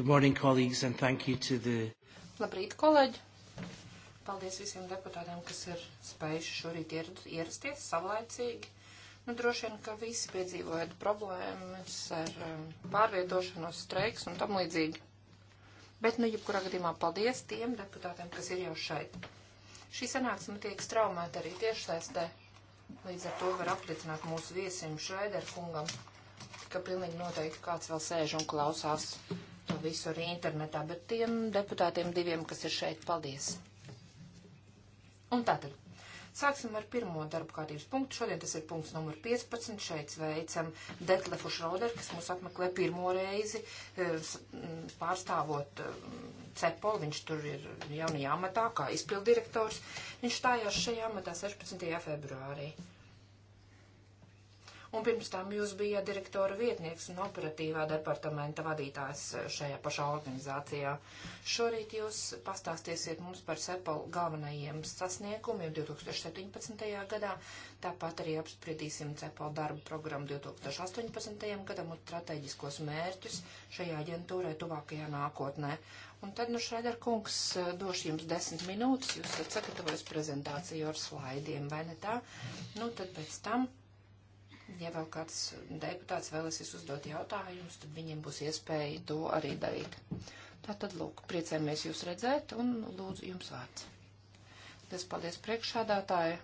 Good morning, colleagues, and thank you to the... Labrīt, kolēģi! Paldies visiem deputātiem, kas ir spējuši šorīt ierasties savlaicīgi. Nu, droši vien, ka visi piedzīvojat problēmas ar um, pārvietošanos, streiks un tam līdzīgi. Bet, nu, jebkurā gadījumā paldies tiem deputātiem, kas ir jau šeit. Šī sanāksme tiek straumēta arī tiešsaistē. Līdz ar to var apliecināt mūsu viesim Šraider kungam, ka pilnīgi noteikti kāds vēl sēž un klausās visu arī internetā, bet tiem deputātiem diviem, kas ir šeit, paldies. Un tātad. Sāksim ar pirmo darba kārtības punktu. Šodien tas ir punkts numur 15. Šeit sveicam Detlefu Šroderu, kas mūs apmeklē pirmo reizi e, pārstāvot e, CEPOL. Viņš tur ir jaunajā amatā kā izpildirektors. Viņš stājās šajā amatā 16. februārī un pirms tam jūs bijāt direktora vietnieks un operatīvā departamenta vadītājs eh, šajā pašā organizācijā. Šorīt jūs pastāstiesiet mums par SEPAL galvenajiem sasniegumiem 2017. gadā, tāpat arī apspriedīsim CEPAL darbu programmu 2018. gadam un strateģiskos mērķus šajā aģentūrē tuvākajā nākotnē. Un tad, nu, Šraider kungs, eh, došu jums desmit minūtes, jūs esat sagatavojis prezentāciju ar slaidiem, vai ne tā? Nu, tad pēc tam Ja vēl kāds deputāts vēlēsies uzdot jautājumus, tad viņiem būs iespēja to arī darīt. Tātad, lūk, priecājamies jūs redzēt un lūdzu jums vārds. Es paldies priekšādātāju.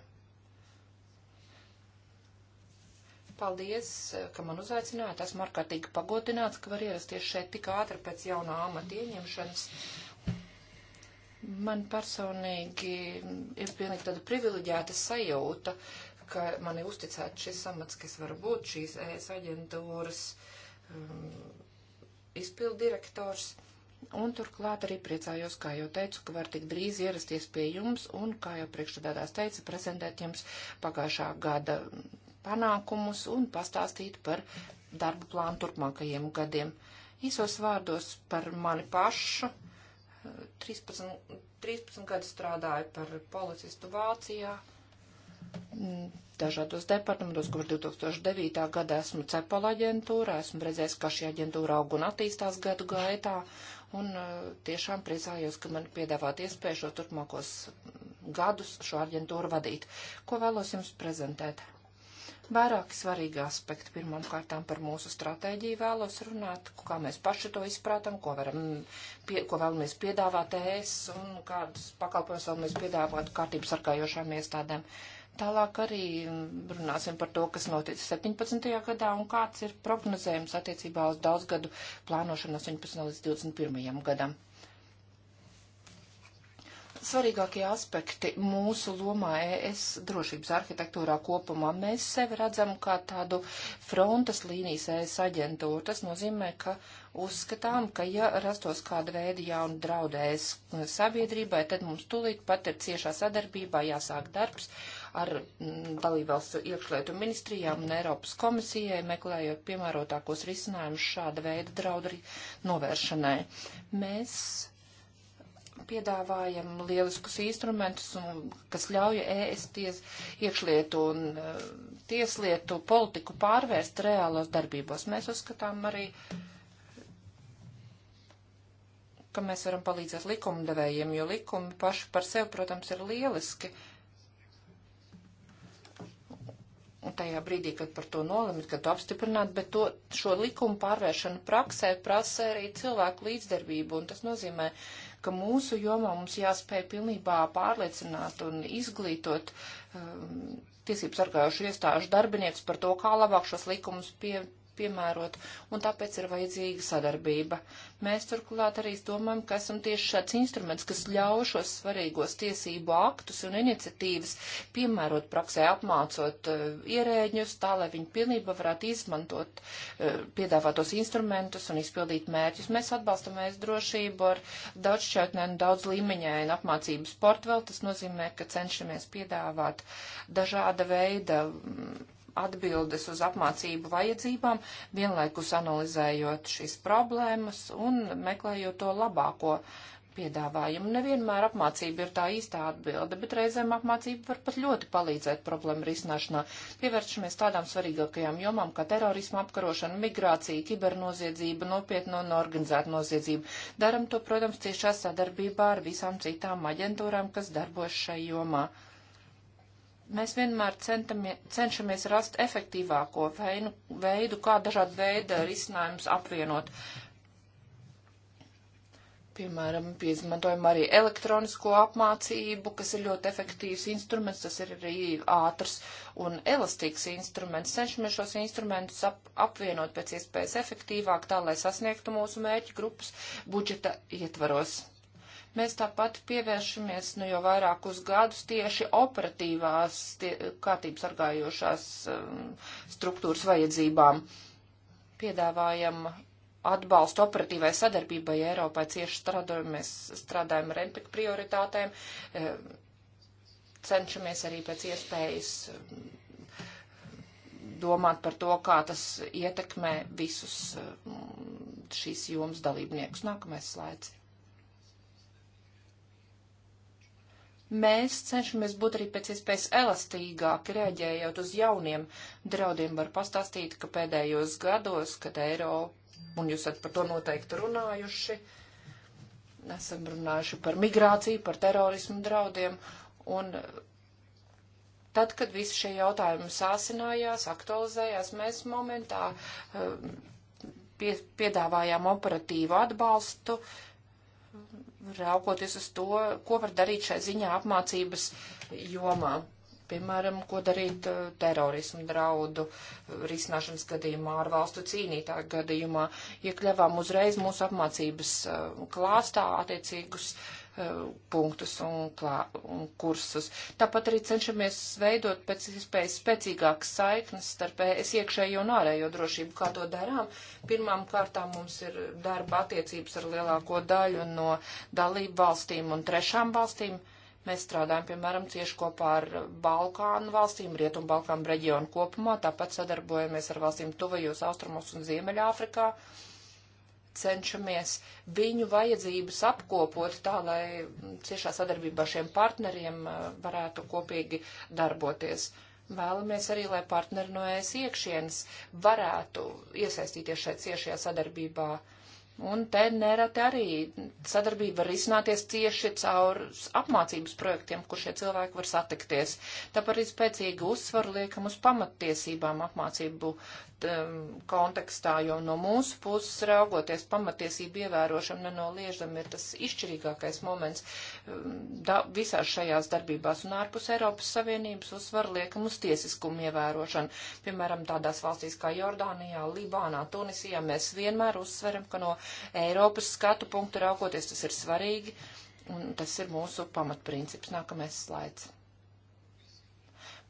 Paldies, ka man uzaicinājāt. Esmu ārkārtīgi pagodināts, ka var ierasties šeit tik ātri pēc jaunā amata ieņemšanas. Man personīgi ir pilnīgi tāda privileģēta sajūta. Uh, ka man ir uzticēts šis amats, kas var būt šīs ES aģentūras um, izpildirektors. Un turklāt arī priecājos, kā jau teicu, ka var tik drīz ierasties pie jums un, kā jau priekšstādātās teica, prezentēt jums pagājušā gada panākumus un pastāstīt par darbu plānu turpmākajiem gadiem. Īsos vārdos par mani pašu. 13, 13 gadu strādāju par policistu Vācijā. Mm, dažādos departamentos, kopš 2009. gada esmu cepola aģentūra, esmu redzējis, ka šī aģentūra aug un attīstās gadu gaitā, un uh, tiešām priecājos, ka man piedāvāt iespēju šo turpmākos mm, gadus šo aģentūru vadīt. Ko vēlos jums prezentēt? Vairāki svarīgi aspekti. Pirmām kārtām par mūsu stratēģiju vēlos runāt, kā mēs paši to izprātam, ko, varam, mm, pie, ko vēlamies piedāvāt ES un kādus pakalpojumus vēlamies piedāvāt kārtības sargājošām iestādēm. Uh, Tālāk arī runāsim par to, kas noticis 17. gadā un kāds ir prognozējums attiecībā uz daudzgadu plānošanu 18. līdz 21. gadam. Svarīgākie aspekti mūsu lomā ES drošības arhitektūrā kopumā mēs sevi redzam kā tādu frontes līnijas ES aģentūru. Tas nozīmē, ka uzskatām, ka ja rastos kāda veida jauna draudēs e sabiedrībai, tad mums tulīt pat ir ciešā sadarbībā jāsāk darbs ar mm, dalībvalstu iekšlietu ministrijām un Eiropas komisijai, meklējot piemērotākos risinājumus šāda veida draudu novēršanai. Mēs piedāvājam lieliskus instrumentus, un, kas ļauj ES ties, iekšlietu un uh, tieslietu politiku pārvērst reālos darbībos. Mēs uzskatām arī, ka mēs varam palīdzēt likumdevējiem, jo likumi paši par sevi, protams, ir lieliski, uh, Un tajā brīdī, kad par to nolemt, kad to apstiprināt, bet to, šo likumu pārvēršanu praksē prasa arī cilvēku līdzdarbību, un tas nozīmē, ka mūsu jomā mums jāspēj pilnībā pārliecināt un izglītot um, tiesības sargājušu iestāžu darbinieks par to, kā labāk šos likumus pie, piemērot, un tāpēc ir vajadzīga sadarbība. Mēs turklāt arī domājam, ka esam tieši šāds instruments, kas ļauj šos svarīgos tiesību aktus un iniciatīvas piemērot praksē, apmācot uh, ierēģņus, tā lai viņi pilnībā varētu izmantot uh, piedāvātos instrumentus un izpildīt mērķus. Mēs atbalstamies drošību ar daudzšķautnēm, daudz līmeņēnu apmācību sportu vēl. Tas nozīmē, ka cenšamies piedāvāt dažāda veida mm, atbildes uz apmācību vajadzībām, vienlaikus analizējot šīs problēmas un meklējot to labāko piedāvājumu. Nevienmēr apmācība ir tā īstā atbilde, bet reizēm apmācība var pat ļoti palīdzēt problēmu risināšanā. Pievēršamies tādām svarīgākajām jomām, kā terorisma apkarošana, migrācija, kibernoziedzība, nopietna un organizēta noziedzība. Daram to, protams, ciešā sadarbībā ar visām citām aģentūrām, kas darbojas šai jomā mēs vienmēr centamie, cenšamies rast efektīvāko veinu, veidu, kā dažādu veidu risinājumus apvienot. Piemēram, izmantojam arī elektronisko apmācību, kas ir ļoti efektīvs instruments, tas ir arī ātrs un elastīgs instruments. Cenšamies šos instrumentus ap, apvienot pēc iespējas efektīvāk, tā lai sasniegtu mūsu mērķu grupas budžeta ietvaros. Mēs tāpat pievēršamies nu, jau vairākus gadus tieši operatīvās tie, kārtības argājošās um, struktūras vajadzībām. Piedāvājam atbalstu operatīvai sadarbībai Eiropai cieši strādājam, mēs strādājam ar NPK prioritātēm, um, cenšamies arī pēc iespējas um, domāt par to, kā tas ietekmē visus um, šīs jomas dalībniekus. Nākamais slaids. Mēs cenšamies būt arī pēc iespējas elastīgāki, rēģējot uz jauniem draudiem. Var pastāstīt, ka pēdējos gados, kad eiro, un jūs esat par to noteikti runājuši, esam runājuši par migrāciju, par terorismu draudiem, un tad, kad visi šie jautājumi sāsinājās, aktualizējās, mēs momentā eh, pie, piedāvājām operatīvu atbalstu raugoties uz to, ko var darīt šai ziņā apmācības jomā. Piemēram, ko darīt uh, terorismu draudu uh, risināšanas gadījumā, ārvalstu cīnītāju gadījumā. Iekļāvām uzreiz mūsu apmācības uh, klāstā attiecīgus uh, E, punktus un, klā, un kursus. Tāpat arī cenšamies veidot pēc iespējas spēcīgākas saiknes starp es iekšējo un ārējo drošību, kā to darām. Pirmām kārtām mums ir darba attiecības ar lielāko daļu no dalību valstīm un trešām valstīm. Mēs strādājam, piemēram, cieši kopā ar Balkānu valstīm, Rietumbalkānu reģionu kopumā, tāpat sadarbojamies ar valstīm tuvajos austrumos un Ziemeļāfrikā. Afrikā cenšamies viņu vajadzības apkopot tā, lai ciešā sadarbībā ar šiem partneriem uh, varētu kopīgi darboties. Vēlamies arī, lai partneri no ES iekšienes varētu iesaistīties šai ciešajā sadarbībā. Un te nereti arī sadarbība var izcināties cieši caur apmācības projektiem, kur šie cilvēki var satikties. Tāpēc arī spēcīgi uzsvaru liekam uz pamattiesībām apmācību Um, kontekstā, jo no mūsu puses raugoties pamatiesību ievērošana nenoliežam ir tas izšķirīgākais moments um, da, visās šajās darbībās un ārpus Eiropas Savienības uzsvar liekam uz tiesiskumu ievērošanu. Piemēram, tādās valstīs kā Jordānijā, Libānā, Tunisijā mēs vienmēr uzsveram, ka no Eiropas skatu punktu raugoties tas ir svarīgi un tas ir mūsu pamatprincips. Nākamais slaids.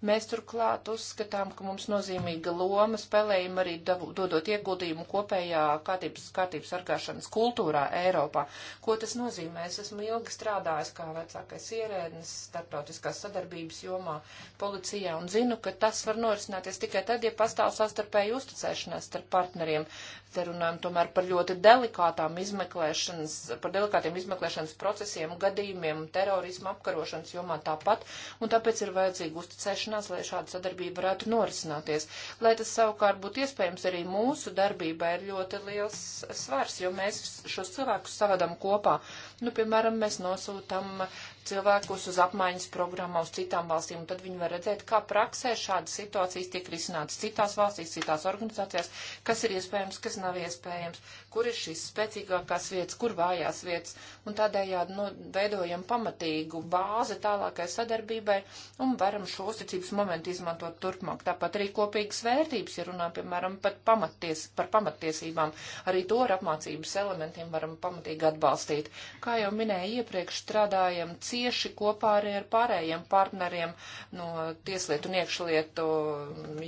Mēs turklāt uzskatām, ka mums nozīmīga loma spēlējam arī dodot ieguldījumu kopējā kārtības, kārtības sargāšanas kultūrā Eiropā. Ko tas nozīmē? Es esmu ilgi strādājis kā vecākais ierēdnis starptautiskās sadarbības jomā policijā un zinu, ka tas var norisināties tikai tad, ja pastāv sastarpēji uzticēšanās starp partneriem. Te runājam tomēr par ļoti delikātām izmeklēšanas, par delikātiem izmeklēšanas procesiem, gadījumiem, terorismu apkarošanas jomā tāpat, un tāpēc ir vajadzīga uzticēšanās vienošanās, lai šāda sadarbība varētu norisināties. Lai tas savukārt būtu iespējams, arī mūsu darbībai ir ļoti liels svars, jo mēs šos cilvēkus savadam kopā. Nu, piemēram, mēs nosūtam cilvēkus uz apmaiņas programmā uz citām valstīm, un tad viņi var redzēt, kā praksē šādas situācijas tiek risinātas citās valstīs, citās organizācijās, kas ir iespējams, kas nav iespējams, kur ir šīs spēcīgākās vietas, kur vājās vietas, un tādējādi nu, veidojam pamatīgu bāzi tālākai sadarbībai un varam šo uzticības momentu izmantot turpmāk. Tāpat arī kopīgas vērtības, ja runā, piemēram, pat pamatties, par pamattiesībām, arī to ar apmācības elementiem varam pamatīgi atbalstīt. Kā jau minēju iepriekš, strādājam cīņā cieši kopā arī ar pārējiem partneriem no tieslietu un iekšlietu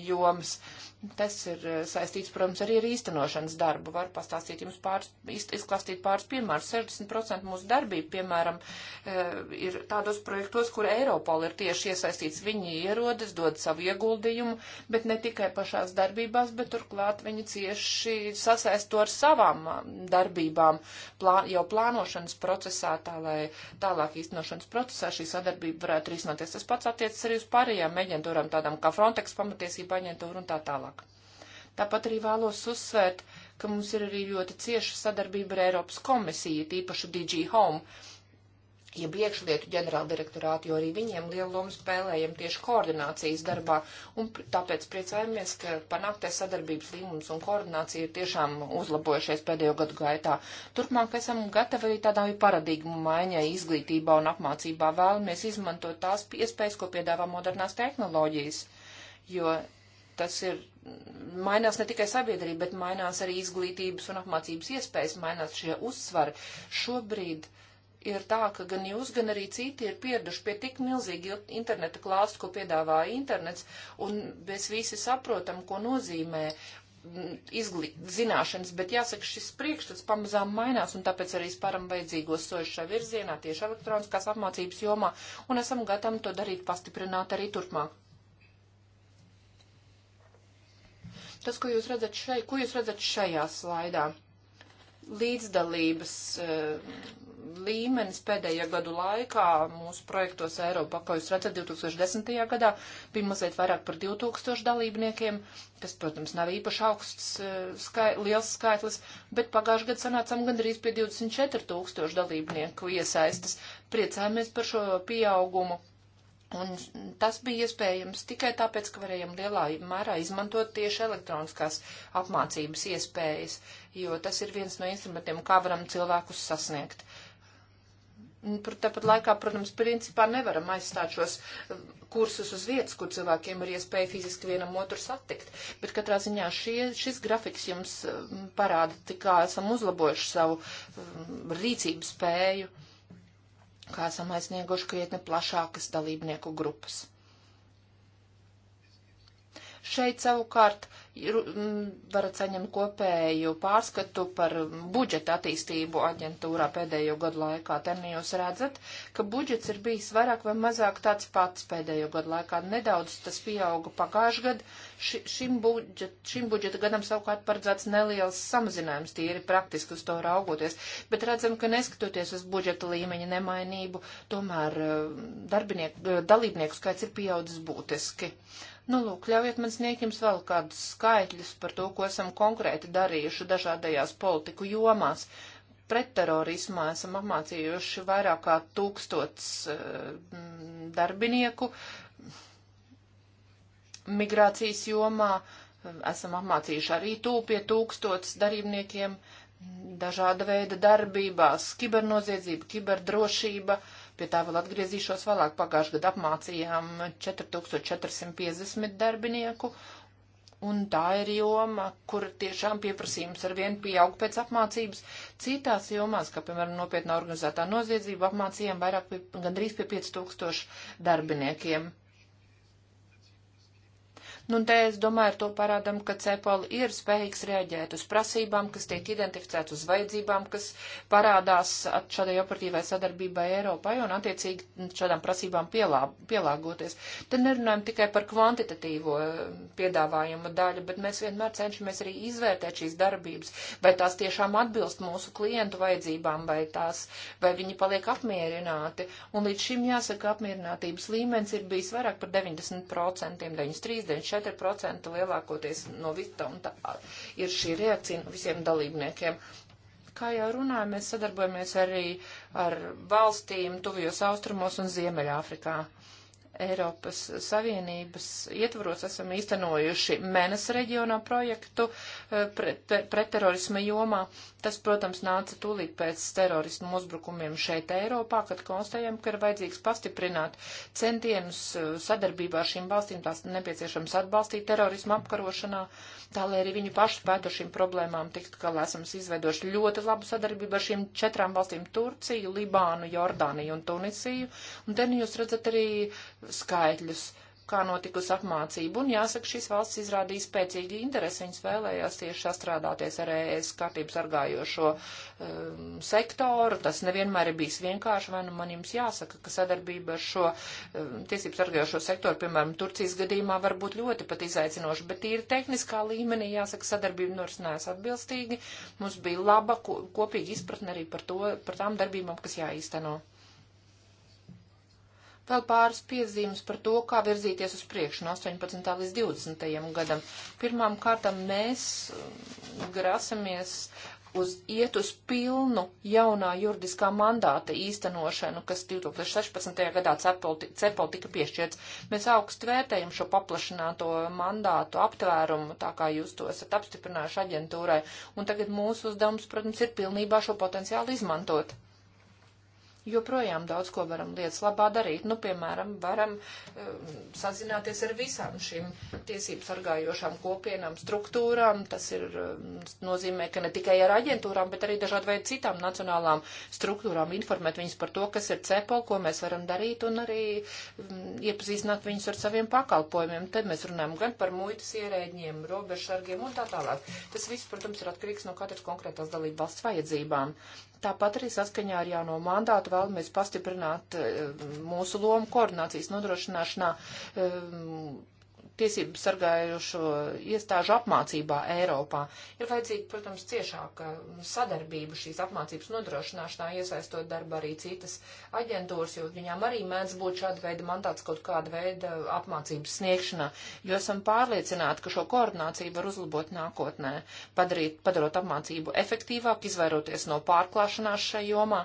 jomas. Uh, Tas ir eh, saistīts, protams, arī ar īstenošanas darbu. Varu pastāstīt jums pāris, izklāstīt pāris piemērus. 60% mūsu darbība, piemēram, eh, ir tādos projektos, kur Eiropola ir tieši iesaistīts. Viņi ierodas, dod savu ieguldījumu, bet ne tikai pašās darbībās, bet turklāt viņi cieši sasaisto ar savām eh, darbībām plā, jau plānošanas procesā, tā lai tālāk īstenošanas procesā šī sadarbība varētu risināties. Tas pats attiecas arī uz pārējām aģentūrām, tādām kā Frontex pamatiesība aģentūra un tā tālāk. Tāpat arī vēlos uzsvērt, ka mums ir arī ļoti cieša sadarbība ar Eiropas komisiju, tīpaši DG Home, jeb iekšlietu ģenerāldirektorātu, jo arī viņiem lielu lomu spēlējam tieši koordinācijas darbā, un tāpēc priecājamies, ka panāktais sadarbības līgums un koordinācija ir tiešām uzlabojušies pēdējo gadu gaitā. Turpmāk esam gatavi arī tādā paradigmu maiņai izglītībā un apmācībā vēlamies izmantot tās iespējas, ko piedāvā modernās tehnoloģijas, jo tas ir mainās ne tikai sabiedrība, bet mainās arī izglītības un apmācības iespējas, mainās šie uzsvari. Šobrīd ir tā, ka gan jūs, gan arī citi ir pieraduši pie tik milzīgi interneta klāstu, ko piedāvā internets, un mēs visi saprotam, ko nozīmē mm, izglīt, zināšanas, bet jāsaka, šis priekšstats pamazām mainās, un tāpēc arī spēram vajadzīgos soļus šajā virzienā, tieši elektroniskās apmācības jomā, un esam gatavi to darīt pastiprināt arī turpmāk. Tas, ko jūs redzat, šai, ko jūs redzat šajā slaidā, līdzdalības eh, līmenis pēdējo gadu laikā mūsu projektos Eiropā, ko jūs redzat 2010. gadā, bija mazliet vairāk par 2000 dalībniekiem, kas, protams, nav īpaši augsts, eh, skai, liels skaitlis, bet pagājušajā gadā sanācām gandrīz pie 24 tūkstoši dalībnieku iesaistas. Priecājamies par šo pieaugumu. Un tas bija iespējams tikai tāpēc, ka varējām lielā mērā izmantot tieši elektroniskās apmācības iespējas, jo tas ir viens no instrumentiem, kā varam cilvēkus sasniegt. Tāpat laikā, protams, principā nevaram aizstāt šos uh, kursus uz vietas, kur cilvēkiem ir iespēja fiziski vienam otru satikt. Bet katrā ziņā šie, šis grafiks jums uh, parāda, kā esam uzlabojuši savu um, rīcības spēju kā esam aiznieguši krietni plašākas dalībnieku grupas. Šeit savukārt mm, varat saņemt kopēju pārskatu par budžeta attīstību aģentūrā pēdējo gadu laikā. Ten nu jūs redzat, ka budžets ir bijis vairāk vai mazāk tāds pats pēdējo gadu laikā. Nedaudz tas pieauga pagājušajā gadā, Ši, šim, budžet, šim budžeta gadam savukārt paredzēts neliels samazinājums, tīri praktiski uz to raugoties, bet redzam, ka neskatoties uz budžeta līmeņa nemainību, tomēr eh, darbinieku, eh, dalībnieku skaits ir pieaudzis būtiski. Nu, lūk, ļaujiet man sniegt jums vēl kādus skaitļus par to, ko esam konkrēti darījuši dažādajās politiku jomās. Pretterorismā esam apmācījuši vairāk kā tūkstots uh, darbinieku. Uh, migrācijas jomā. Esam apmācījuši arī tūpie tūkstots darbiniekiem dažāda veida darbībās, kibernoziedzība, kiberdrošība. Pie tā vēl atgriezīšos vēlāk. Pagājušajā gadā apmācījām 4450 darbinieku. Un tā ir joma, kur tiešām pieprasījums ar vienu pieaug pēc apmācības. Citās jomās, kā piemēram nopietnā organizētā noziedzība, apmācījām vairāk pie, gandrīz pie 5000 darbiniekiem. Nu, un te es domāju, ar to parādam, ka CEPOL ir spējīgs reaģēt uz prasībām, kas tiek identificētas, uz vajadzībām, kas parādās šādai operatīvai sadarbībai Eiropai un attiecīgi šādām prasībām pielā, pielāgoties. Te nerunājam tikai par kvantitatīvo eh, piedāvājumu daļu, bet mēs vienmēr cenšamies arī izvērtēt šīs darbības, vai tās tiešām atbilst mūsu klientu vajadzībām, vai, tās, vai viņi paliek apmierināti. Un līdz šim jāsaka, apmierinātības līmenis ir bijis vairāk par 90%, 93, 94. 24% lielākoties no Vita un tā ir šī reakcija no visiem dalībniekiem. Kā jau runāju, mēs sadarbojamies arī ar valstīm tuvijos austrumos un Ziemeļāfrikā. Afrikā Eiropas Savienības ietvaros esam īstenojuši Menes reģionā projektu eh, pretterorisma jomā. Tas, protams, nāca tūlīt pēc terorismu uzbrukumiem šeit Eiropā, kad konstatējam, ka ir vajadzīgs pastiprināt centienus eh, sadarbībā ar šīm valstīm, tās nepieciešams atbalstīt terorismu apkarošanā, tā lai arī viņi paši spētu šīm problēmām tikt, ka esam izveidojuši ļoti labu sadarbību ar šīm četrām valstīm - Turciju, Libānu, Jordāniju un Tunisiju. Un te nu jūs redzat arī skaitļus, kā notikusi apmācība, un jāsaka, šīs valsts izrādīja spēcīgu interesi, viņas vēlējās tieši sastrādāties ar ES kārtības argājošo um, sektoru, tas nevienmēr ir bijis vienkārši, vai nu man jums jāsaka, ka sadarbība ar šo um, tiesības argājošo sektoru, piemēram, Turcijas gadījumā var būt ļoti pat izaicinoša, bet tīri tehniskā līmenī, jāsaka, sadarbība norisinājās atbilstīgi, mums bija laba ko, kopīga izpratne arī par, to, par tām darbībām, kas jāīsteno. No. Vēl pāris piezīmes par to, kā virzīties uz priekšu no 18. līdz 20. gadam. Pirmām kārtām mēs um, grasamies uz iet uz pilnu jaunā juridiskā mandāta īstenošanu, kas 2016. gadā CEPOL tika piešķirts. Mēs augstu vērtējam šo paplašināto mandātu aptvērumu, tā kā jūs to esat apstiprinājuši aģentūrai, un tagad mūsu uzdevums, protams, ir pilnībā šo potenciālu izmantot joprojām daudz ko varam lietas labā darīt. Nu, piemēram, varam uh, sazināties ar visām šīm tiesību sargājošām kopienām, struktūrām. Tas ir, uh, nozīmē, ka ne tikai ar aģentūrām, bet arī dažādu veidu citām nacionālām struktūrām informēt viņus par to, kas ir CEPOL, ko mēs varam darīt un arī um, iepazīstināt viņus ar saviem pakalpojumiem. Tad mēs runājam gan par muitas ierēģiem, robežsargiem un tā tālāk. Tas viss, protams, ir atkarīgs no katras konkrētās dalību valsts vajadzībām. Tāpat arī saskaņā ar jauno mandātu vēlamies pastiprināt eh, mūsu lomu koordinācijas nodrošināšanā eh, tiesību sargājušo iestāžu apmācībā Eiropā. Ir vajadzīga, protams, ciešāka sadarbība šīs apmācības nodrošināšanā, iesaistot darba arī citas aģentūras, jo viņām arī mēdz būt šāda veida mandāts kaut kāda veida apmācības sniegšanā, jo esam pārliecināti, ka šo koordināciju var uzlabot nākotnē, padarīt, padarot apmācību efektīvāku, izvairoties no pārklāšanās šajā jomā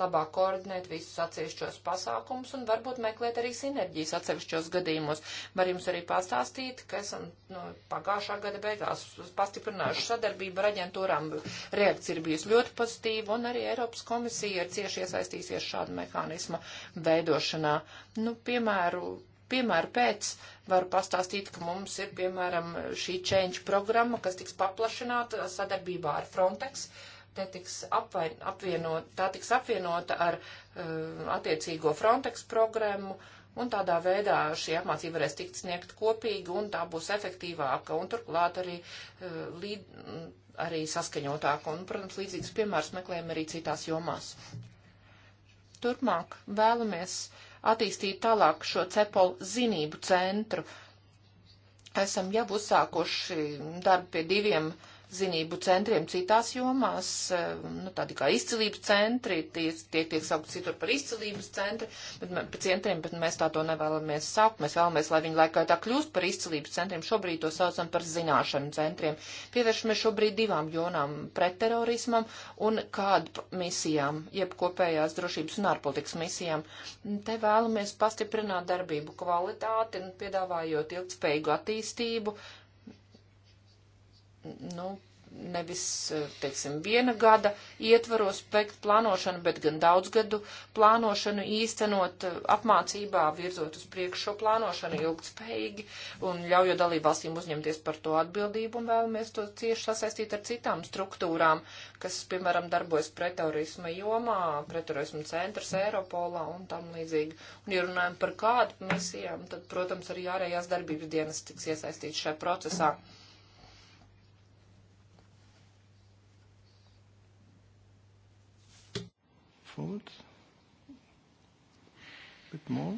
labāk koordinēt visus atsevišķos pasākumus un varbūt meklēt arī sinerģijas atsevišķos gadījumos. Var jums arī pastāstīt, ka esam nu, pagājušā gada beigās pastiprinājuši sadarbību ar aģentūrām. Reakcija ir bijusi ļoti pozitīva un arī Eiropas komisija ir cieši iesaistīsies šādu mehānismu veidošanā. Nu, piemēru, piemēru pēc varu pastāstīt, ka mums ir, piemēram, šī change programma, kas tiks paplašināta sadarbībā ar Frontex. Uh, netiks apvain, apvienot, tā tiks apvienota ar uh, attiecīgo Frontex programmu, un tādā veidā šī apmācība varēs tikt sniegt kopīgi, un tā būs efektīvāka, un turklāt arī, uh, līd, arī saskaņotāka, un, protams, līdzīgs piemērs meklējam arī citās jomās. Turpmāk vēlamies attīstīt tālāk šo cepolu zinību centru. Esam jau uzsākuši darbu pie diviem uh, zinību centriem citās jomās, eh, nu, tādi kā izcilības centri, tie tiek, tiek saukti citur par izcilības centri, bet, par centriem, bet mēs tā to nevēlamies saukt. Mēs vēlamies, lai viņi laikā tā kļūst par izcilības centriem. Šobrīd to saucam par zināšanu centriem. Pievēršamies šobrīd divām jonām - pretterorismam un kādu misijām, jeb kopējās drošības un ārpolitikas misijām. Te vēlamies pastiprināt darbību kvalitāti un piedāvājot ilgspējīgu attīstību nu, nevis, eh, teiksim, viena gada ietvaros spekt plānošanu, bet gan daudz gadu plānošanu īstenot eh, apmācībā, virzot uz priekšu šo plānošanu ilgtspējīgi un ļaujot dalībvalstīm uzņemties par to atbildību un vēlamies to cieši sasaistīt ar citām struktūrām, kas, piemēram, darbojas pretorisma jomā, pretorisma centrs Eiropolā un tam līdzīgi. Un, ja runājam par kādu misijām, tad, protams, arī ārējās darbības dienas tiks iesaistīts šajā procesā. Mm. forward. A bit more.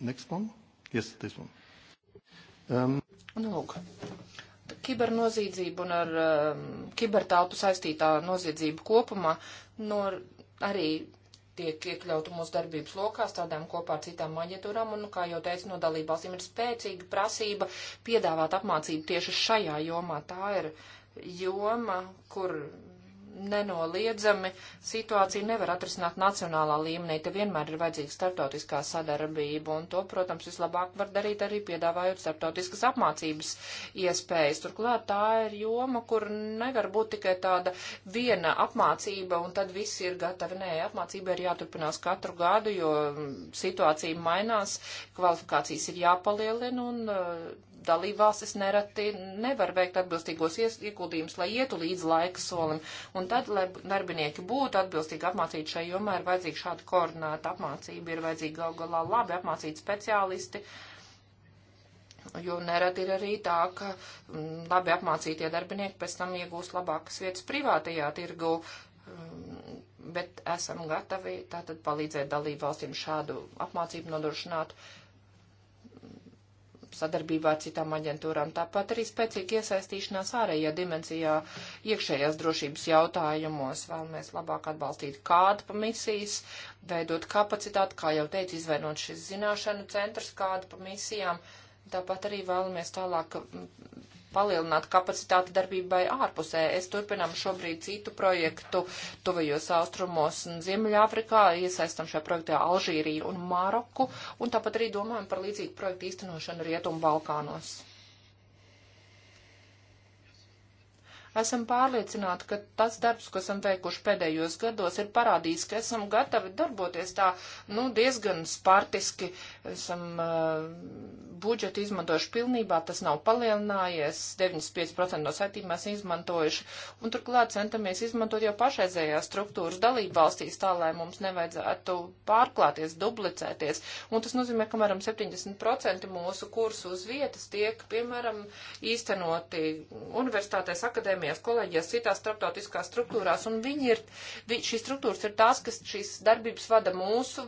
Next one. Yes, this one. Um. Nu, lūk. Kibernoziedzība un ar um, kibertelpu saistītā noziedzība kopumā no, nu, arī tiek iekļauta mūsu darbības lokā, strādājam kopā ar citām aģentūrām, un, nu, kā jau teicu, no dalībvalstīm ir spēcīga prasība piedāvāt apmācību tieši šajā jomā. Tā ir joma, kur nenoliedzami situācija nevar atrisināt nacionālā līmenī, te vienmēr ir vajadzīga starptautiskā sadarbība, un to, protams, vislabāk var darīt arī piedāvājot starptautiskas apmācības iespējas. Turklāt tā ir joma, kur nevar būt tikai tāda viena apmācība, un tad visi ir gatavi. Nē, apmācība ir jāturpinās katru gadu, jo situācija mainās, kvalifikācijas ir jāpalielina, un dalībvalstis nereti nevar veikt atbilstīgos ieguldījumus, lai ietu līdz laika solim. Un tad, lai darbinieki būtu atbilstīgi apmācīti šai jomā, ir vajadzīga šāda koordinēta apmācība, ir vajadzīgi gal galā labi apmācīti speciālisti. Jo nereti ir arī tā, ka labi apmācītie darbinieki pēc tam iegūst labākas vietas privātajā tirgu, bet esam gatavi tātad palīdzēt dalību valstīm šādu apmācību nodrošināt. Uh, sadarbībā ar citām aģentūrām. Tāpat arī spēcīgi iesaistīšanās ārējā dimensijā iekšējās drošības jautājumos. Vēlamies labāk atbalstīt kādu misijas, veidot kapacitāti, kā jau teicu, izveidot šis zināšanu centrs kādu misijām. Tāpat arī vēlamies tālāk palielināt kapacitāti darbībai ārpusē. Es turpinām šobrīd citu projektu tuvajos austrumos un Ziemeļāfrikā, iesaistam šajā projektā Alžīriju un Maroku, un tāpat arī domājam par līdzīgu projektu īstenošanu Rietumu Balkānos. Esam pārliecināti, ka tas darbs, ko esam veikuši pēdējos gados, ir parādījis, ka esam gatavi darboties tā, nu, diezgan spartiski. Esam uh, eh, budžetu izmantojuši pilnībā, tas nav palielinājies, 95% no saitībām esam izmantojuši. Un turklāt centamies izmantot jau pašreizējās struktūras dalību valstīs tā, lai mums nevajadzētu pārklāties, dublicēties. Un tas nozīmē, ka, piemēram, 70% mūsu kursu uz vietas tiek, piemēram, īstenoti universitātēs, akadēmijās, pirmajās kolēģijās, citās starptautiskās struktūrās, un viņi ir, vi, šīs struktūras ir tās, kas šīs darbības vada mūsu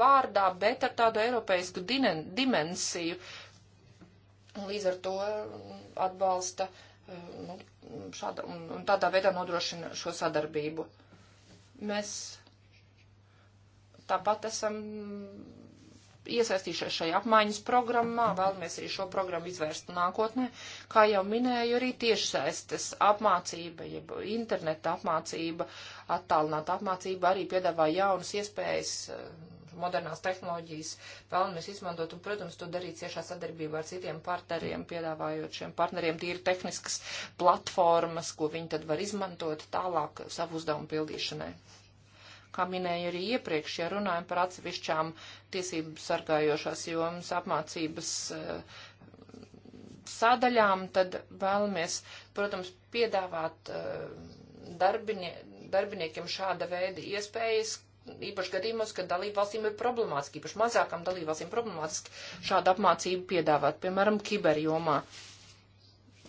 vārdā, bet ar tādu eiropeisku dinen, dimensiju, un līdz ar to um, atbalsta, um, nu, šāda, un, un tādā veidā nodrošina šo sadarbību. Mēs tāpat esam iesaistīšies šajā apmaiņas programmā, vēlamies arī šo programmu izvērst nākotnē. Kā jau minēju, arī tiešsaistes apmācība, jeb interneta apmācība, attālināta apmācība arī piedāvā jaunas iespējas, eh, modernās tehnoloģijas vēlamies izmantot un, protams, to darīt ciešā sadarbībā ar citiem partneriem, piedāvājot šiem partneriem tīri tehniskas platformas, ko viņi tad var izmantot tālāk savu uzdevumu pildīšanai kā minēju arī iepriekš, ja runājam par atsevišķām tiesību sargājošās jomas apmācības eh, sadaļām, tad vēlamies, protams, piedāvāt eh, darbinie, darbiniekiem šāda veida iespējas, īpaši gadījumos, kad dalībvalstīm ir problemātiski, īpaši mazākām dalībvalstīm problemātiski šādu apmācību piedāvāt, piemēram, kiberjomā. jomā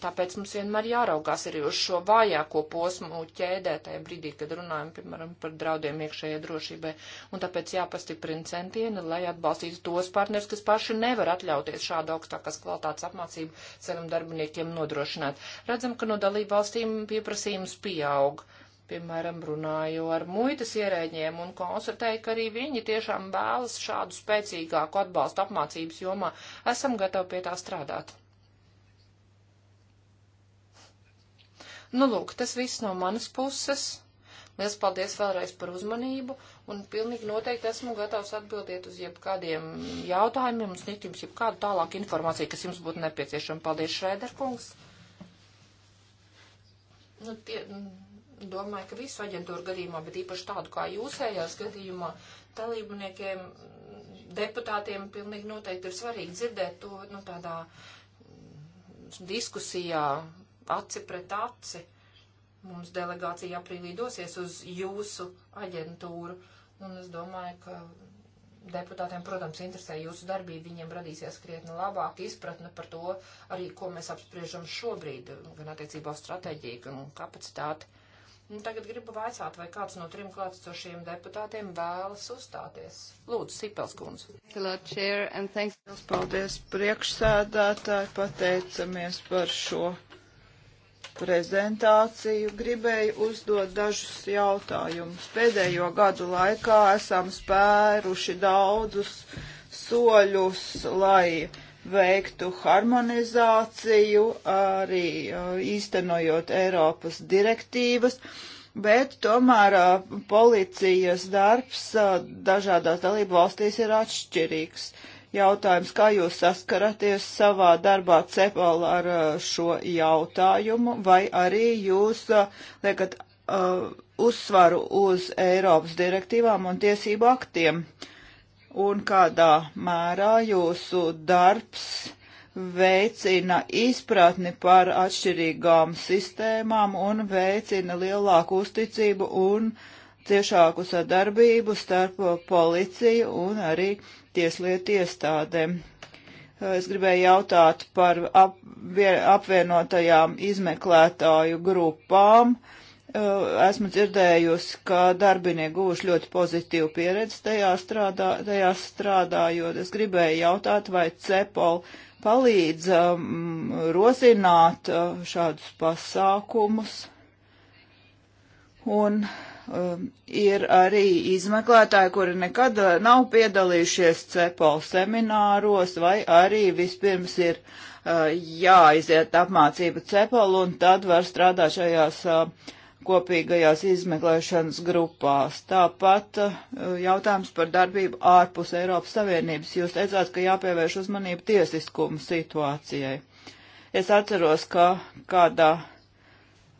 Tāpēc mums vienmēr jāraugās arī uz šo vājāko posmu ķēdē, tajā brīdī, kad runājam, piemēram, par draudiem iekšējai drošībai. Un tāpēc jāpastiprina centieni, lai atbalstītu tos partners, kas paši nevar atļauties šādu augstākās kvalitātes apmācību saviem darbiniekiem nodrošināt. Redzam, ka no dalību valstīm pieprasījums pieaug piemēram, runāju ar muitas ierēģiem un konstatēju, ka arī viņi tiešām vēlas šādu spēcīgāku atbalstu apmācības jomā. Esam gatavi pie tā strādāt. Nu, lūk, tas viss no manas puses. Liels paldies vēlreiz par uzmanību, un pilnīgi noteikti esmu gatavs atbildēt uz jebkādiem jautājumiem un sniegt jums jebkādu tālāku informāciju, kas jums būtu nepieciešama. Paldies, Šrēderkungs! Nu, tie, mm, domāju, ka visu aģentūru gadījumā, bet īpaši tādu kā jūsējās gadījumā, dalībniekiem, mm, deputātiem pilnīgi noteikti ir svarīgi dzirdēt to, nu, tādā mm, diskusijā aci pret aci. Mums delegācija aprīlī dosies uz jūsu aģentūru, un es domāju, ka deputātiem, protams, interesē jūsu darbība, viņiem radīsies krietni labāka izpratne par to, arī ko mēs apspriežam šobrīd, gan attiecībā uz stratēģiju, gan kapacitāti. Nu, tagad gribu vaicāt, vai kāds no trim klātsošiem deputātiem vēlas uzstāties. Lūdzu, Sipelskundz. Paldies, priekšsēdētāji, pateicamies par šo prezentāciju. Gribēju uzdot dažus jautājumus. Pēdējo gadu laikā esam spēruši daudzus soļus, lai veiktu harmonizāciju, arī īstenojot Eiropas direktīvas bet tomēr policijas darbs dažādās dalību valstīs ir atšķirīgs jautājums, kā jūs saskaraties savā darbā cepal ar uh, šo jautājumu, vai arī jūs uh, liekat uh, uzsvaru uz Eiropas direktīvām un tiesību aktiem, un kādā mērā jūsu darbs veicina izpratni par atšķirīgām sistēmām un veicina lielāku uzticību un ciešāku sadarbību starp policiju un arī uh, tieslietu iestādēm. Es gribēju jautāt par apvienotajām izmeklētāju grupām. Esmu dzirdējusi, ka darbinieki guvuši ļoti pozitīvu pieredzi tajā, strādā, tajā strādājot. Es gribēju jautāt, vai CEPOL palīdz um, rozināt šādus pasākumus. Un uh, Um, ir arī izmeklētāji, kuri nekad uh, nav piedalījušies CEPOL semināros, vai arī vispirms ir uh, jāiziet apmācība CEPOL un tad var strādāt šajās uh, kopīgajās izmeklēšanas grupās. Tāpat jautājums par darbību ārpus Eiropas Savienības. Jūs teicāt, ka jāpievērš uzmanība tiesiskuma situācijai. Es atceros, ka kādā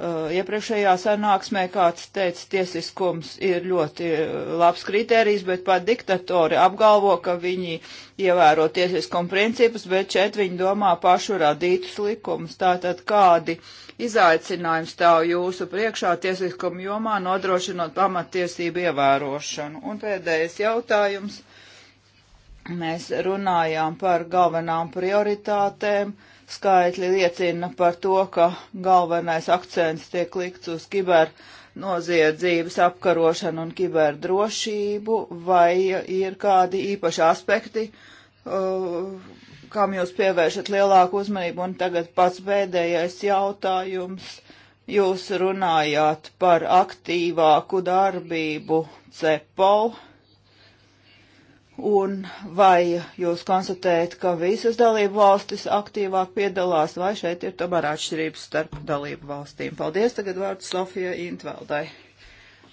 Uh, iepriekšējā sanāksmē kāds teica, tiesiskums ir ļoti uh, labs kriterijs, bet pat diktatori apgalvo, ka viņi ievēro tiesiskuma principus, bet šeit viņi domā pašu radītus likumus. Tātad kādi izaicinājumi stāv jūsu priekšā tiesiskuma jomā nodrošinot pamatiesību ievērošanu? Un pēdējais jautājums. Mēs runājām par galvenām prioritātēm. Uh, skaitļi liecina par to, ka galvenais akcents tiek likts uz kiber noziedzības apkarošanu un kiberdrošību, vai ir kādi īpaši aspekti, uh, kam jūs pievēršat lielāku uzmanību, un tagad pats pēdējais jautājums. Jūs runājāt par aktīvāku darbību CEPO Un vai jūs konstatējat, ka visas dalību valstis aktīvāk piedalās, vai šeit ir tomēr atšķirības starp dalību valstīm? Paldies, tagad vārds Sofija Intveldai.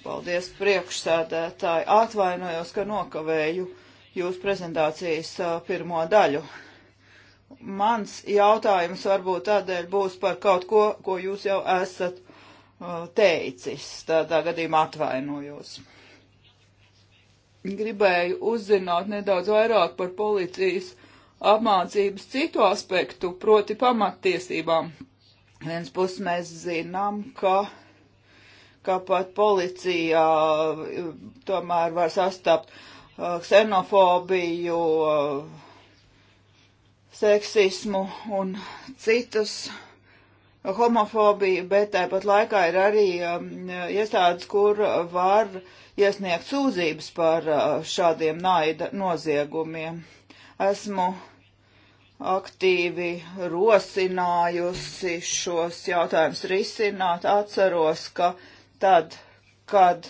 Paldies, priekšsēdētāji. Atvainojos, ka nokavēju jūsu prezentācijas pirmo daļu. Mans jautājums varbūt tādēļ būs par kaut ko, ko jūs jau esat teicis. Tādā gadījumā atvainojos gribēju uzzināt nedaudz vairāk par policijas apmācības citu aspektu, proti pamattiesībām. Viens puses mēs zinām, ka, ka pat policijā uh, tomēr var sastapt uh, ksenofobiju, uh, seksismu un citus homofobiju, bet tāpat laikā ir arī um, iestādes, kur var iesniegt sūdzības par uh, šādiem naida noziegumiem. Esmu aktīvi rosinājusi šos jautājumus risināt. Atceros, ka tad, kad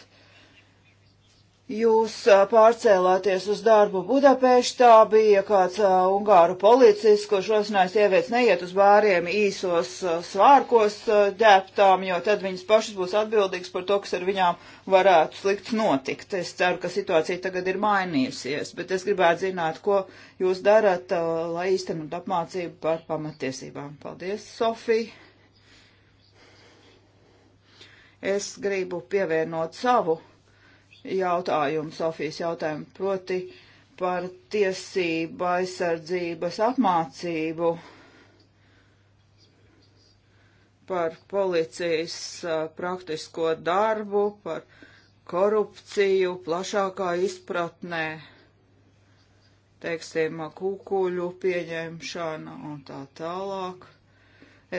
Jūs pārcēlāties uz darbu Budapeštā, bija kāds ungāru policists, kurš rosināja sievietes neiet uz bāriem īsos svārkos ģēptām, jo tad viņas pašas būs atbildīgas par to, kas ar viņām varētu slikts notikt. Es ceru, ka situācija tagad ir mainījusies, bet es gribētu zināt, ko jūs darat, lai īstenot apmācību par pamatiesībām. Paldies, Sofija! Es gribu pievienot savu jautājumu, Sofijas jautājumu, proti par tiesību aizsardzības apmācību, par policijas praktisko darbu, par korupciju plašākā izpratnē, teiksim, kukuļu pieņemšana un tā tālāk.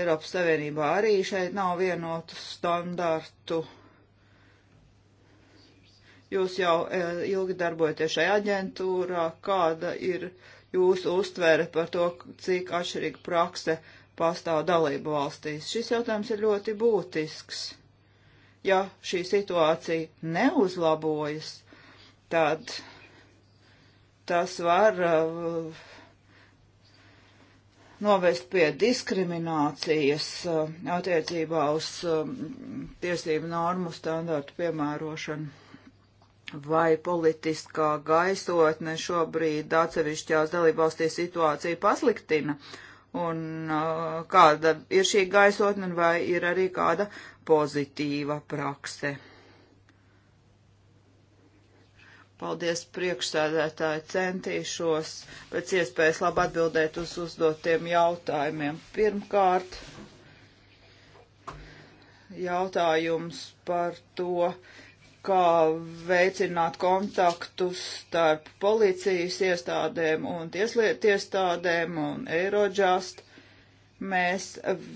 Eiropas Savienībā arī šeit nav vienotu standartu. Jūs jau e, ilgi darbojaties šajā aģentūrā. Kāda ir jūsu uztvere par to, cik atšķirīga prakse pastāv dalību valstīs? Šis jautājums ir ļoti būtisks. Ja šī situācija neuzlabojas, tad tas var uh, novest pie diskriminācijas uh, attiecībā uz uh, tiesību normu standārtu piemērošanu vai politiskā gaisotne šobrīd atsevišķās dalībvalstīs situācija pasliktina, un uh, kāda ir šī gaisotne, vai ir arī kāda pozitīva prakse. Paldies priekšsēdētāji, centīšos pēc iespējas labi atbildēt uz uzdotiem jautājumiem. Pirmkārt, jautājums par to, uh, kā veicināt kontaktus starp policijas iestādēm un tieslietu iestādēm un Eirodžast. Mēs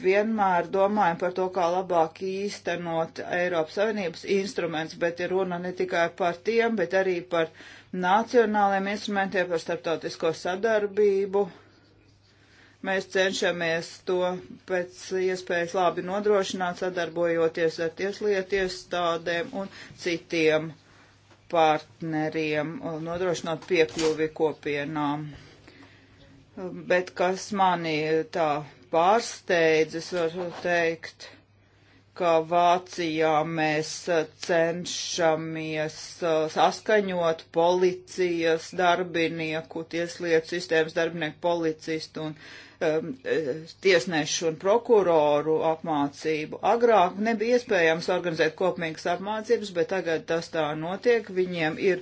vienmēr domājam par to, kā labāk īstenot Eiropas Savienības instruments, bet ir runa ne tikai par tiem, bet arī par nacionāliem instrumentiem, par starptautisko sadarbību. Mēs cenšamies to pēc iespējas labi nodrošināt, sadarbojoties ar tieslietu iestādēm un citiem partneriem, nodrošinot piekļuvi kopienām. Bet kas mani tā pārsteidzas, varu teikt, ka Vācijā mēs cenšamies uh, saskaņot policijas darbinieku, tieslietu sistēmas darbinieku, policistu un um, tiesnešu un prokuroru apmācību. Agrāk nebija iespējams organizēt kopīgas apmācības, bet tagad tas tā notiek. Viņiem ir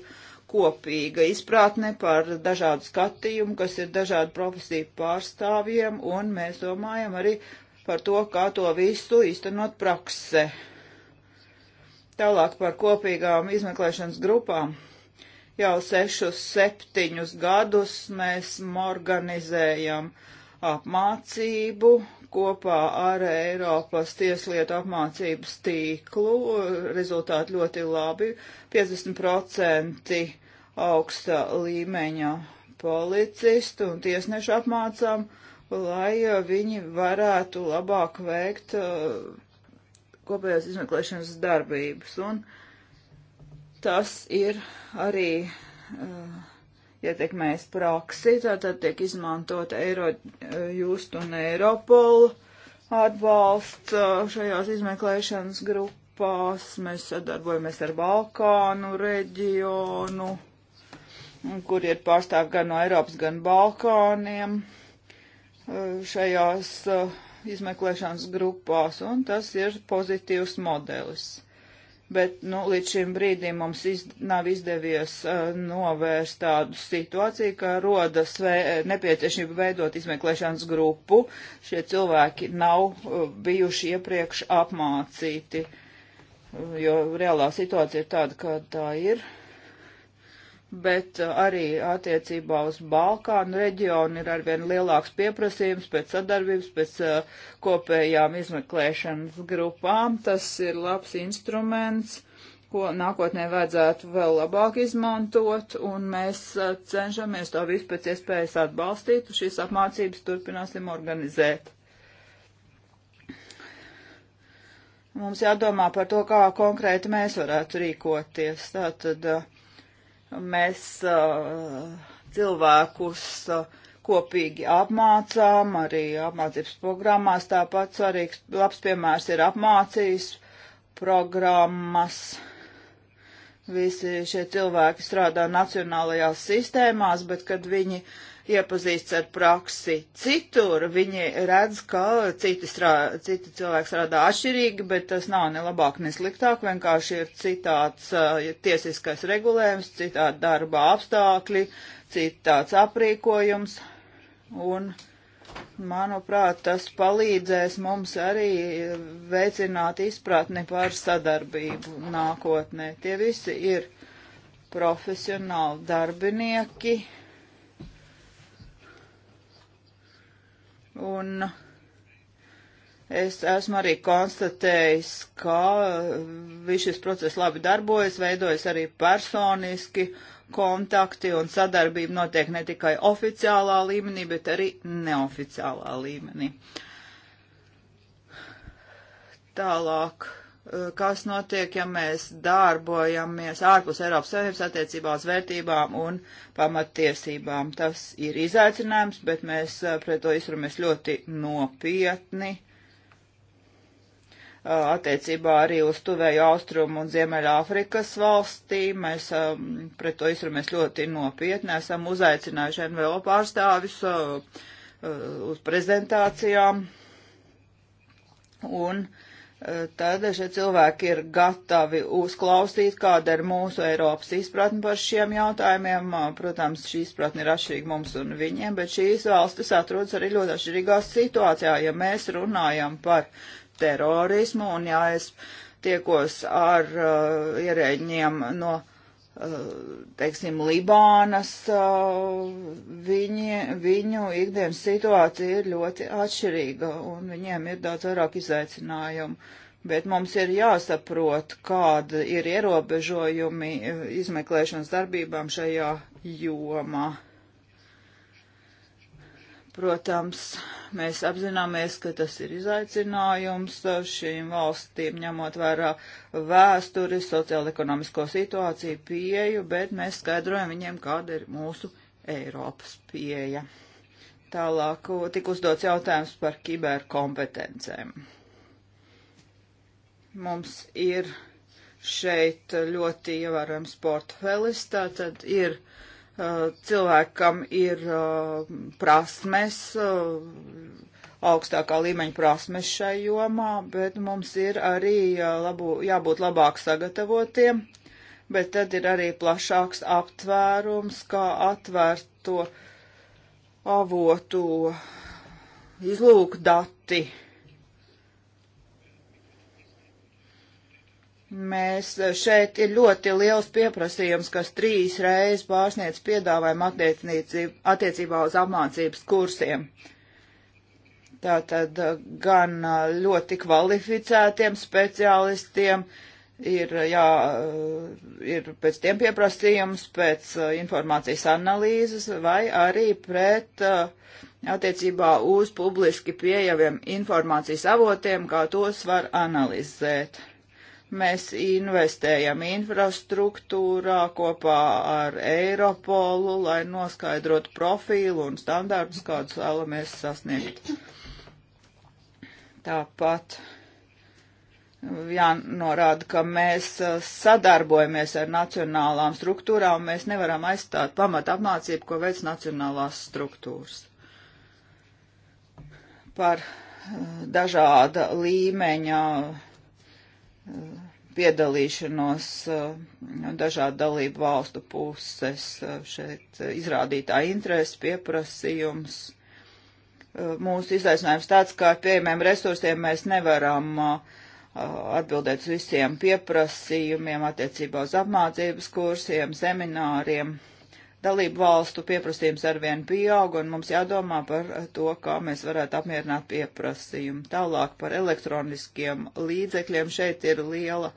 kopīga izpratne par dažādu skatījumu, kas ir dažādu profesiju pārstāvjiem, un mēs domājam arī par to, kā to visu īstenot praksē. Tālāk par kopīgām izmeklēšanas grupām. Jau sešus, septiņus gadus mēs organizējam uh, apmācību kopā ar Eiropas tieslietu apmācības tīklu. Rezultāti ļoti labi. 50% augsta līmeņa policistu un tiesnešu apmācām, lai uh, viņi varētu labāk veikt uh, kopējās izmeklēšanas darbības. Un tas ir arī uh, ietekmējas praksi, tātad tiek izmantot Eiro just un Eiropol atbalsts šajās izmeklēšanas grupās. Mēs sadarbojamies ar Balkānu reģionu, kur ir pārstāv gan no Eiropas, gan Balkāniem šajās izmeklēšanas grupās, un tas ir pozitīvs modelis bet nu, līdz šim brīdim mums iz, nav izdevies uh, novērst tādu situāciju, ka rodas vē, nepieciešība veidot izmeklēšanas grupu. Šie cilvēki nav uh, bijuši iepriekš apmācīti, jo reālā situācija ir tāda, kāda tā ir. Uh, bet uh, arī attiecībā uz Balkānu reģionu ir arvien lielāks pieprasījums pēc sadarbības, pēc uh, kopējām izmeklēšanas grupām. Tas ir labs instruments, ko nākotnē vajadzētu vēl labāk izmantot, un mēs uh, cenšamies to visu pēc iespējas atbalstīt, un šīs apmācības turpināsim organizēt. Mums jādomā par to, kā konkrēti mēs varētu rīkoties. Tātad, uh, Mēs uh, cilvēkus uh, kopīgi apmācām, arī apmācības programmās tāpat svarīgs, labs piemērs ir apmācības programmas. Visi šie cilvēki strādā nacionālajās sistēmās, bet kad viņi uh, iepazīstas ar praksi citur, viņi redz, ka citi, strā, citi cilvēki strādā atšķirīgi, bet tas nav ne labāk, ne sliktāk, vienkārši ir citāds uh, tiesiskais regulējums, citādi darba apstākļi, citāds aprīkojums un manuprāt, tas palīdzēs mums arī veicināt izpratni par sadarbību nākotnē. Tie visi ir profesionāli darbinieki, Un es esmu arī konstatējis, ka viss šis process labi darbojas, veidojas arī personiski kontakti un sadarbība notiek ne tikai oficiālā līmenī, bet arī neoficiālā līmenī. Tālāk Eh, kas notiek, ja mēs darbojamies ārpus Eiropas Savienības attiecībā uz vērtībām un pamatiesībām. Tas ir izaicinājums, bet mēs eh, pret to izturamies ļoti nopietni eh, attiecībā arī uz tuvēju austrumu un Ziemeļāfrikas valstīm. Mēs um, pret to izturamies ļoti nopietni, esam uzaicinājuši NVO pārstāvis uh, uz prezentācijām. Un uh, tad šie cilvēki ir gatavi uzklausīt, kāda ir mūsu Eiropas izpratne par šiem jautājumiem. Uh, protams, šī izpratne ir atšķirīga mums un viņiem, bet šīs valstis atrodas arī ļoti atšķirīgā situācijā. Ja mēs runājam par terorismu un ja es tiekos ar uh, ierēģiem no. Uh, teiksim, Libānas, uh, viņi, viņu ikdienas situācija ir ļoti atšķirīga, un viņiem ir daudz vairāk izaicinājumu bet mums ir jāsaprot, kāda ir ierobežojumi eh, izmeklēšanas darbībām šajā jomā. Protams, mēs apzināmies, ka tas ir izaicinājums eh, šīm valstīm, ņemot vērā vēsturi, sociāla-ekonomisko situāciju, pieju, bet mēs skaidrojam viņiem, kāda ir mūsu Eiropas pieeja. Tālāk tika uzdots jautājums par kiberkompetencēm. Mums ir šeit ļoti ievērojams portfelis, tātad ir uh, cilvēkam ir uh, prasmes, uh, augstākā līmeņa prasmes šai jomā, bet mums ir arī labu, jābūt labāk sagatavotiem, bet tad ir arī plašāks aptvērums, kā atvērt to avotu izlūkdati Mēs e, šeit ir ļoti liels pieprasījums, kas trīs reizes pārsniedz piedāvājumu attiecībā uz apmācības kursiem. Tātad e, gan e, ļoti kvalificētiem speciālistiem ir, jā, ir pēc tiem pieprasījums, pēc informācijas analīzes vai arī pret attiecībā uz publiski pieejamiem informācijas avotiem, kā tos var analizēt Mēs investējam infrastruktūrā kopā ar Eiropolu, lai noskaidrotu profilu un standārtus, kādus vēlamies sasniegt. Tāpat jānorāda, ka mēs uh, sadarbojamies ar nacionālām struktūrām, un mēs nevaram aizstāt pamat apmācību, ko veic nacionālās struktūras. Par uh, dažāda līmeņa uh, piedalīšanos uh, dažādu dalību valstu puses, uh, šeit uh, izrādītā interesi, pieprasījums. Mūsu izaicinājums tāds, kā ar pieejamiem resursiem mēs nevaram atbildēt uz visiem pieprasījumiem attiecībā uz apmācības kursiem, semināriem Dalību valstu pieprasījums arvien pieaug, un mums jādomā par to, kā mēs varētu apmierināt pieprasījumu. Tālāk par elektroniskiem līdzekļiem šeit ir liela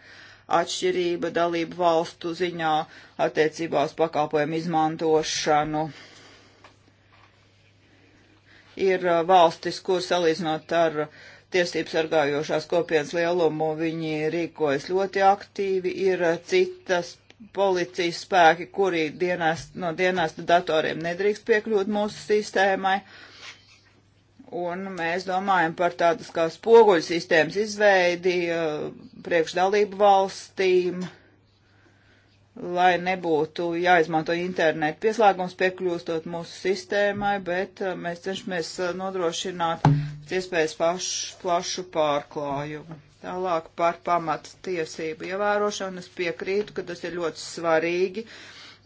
atšķirība dalību valstu ziņā attiecībā uz pakalpojumu izmantošanu. Ir uh, valstis, kur salīdzinot ar tiesību sargājošās kopienas lielumu, viņi rīkojas ļoti aktīvi, ir uh, citas policijas spēki, kuri dienās, no dienas datoriem nedrīkst piekļūt mūsu sistēmai. Un mēs domājam par tādas kā spoguļu sistēmas izveidi uh, priekšdalību valstīm, lai nebūtu jāizmanto internetu pieslēgums piekļūstot mūsu sistēmai, bet uh, mēs cenšamies uh, nodrošināt iespējas pašu, plašu pārklājumu. Tālāk par pamatu tiesību ievērošanu es piekrītu, ka tas ir ļoti svarīgi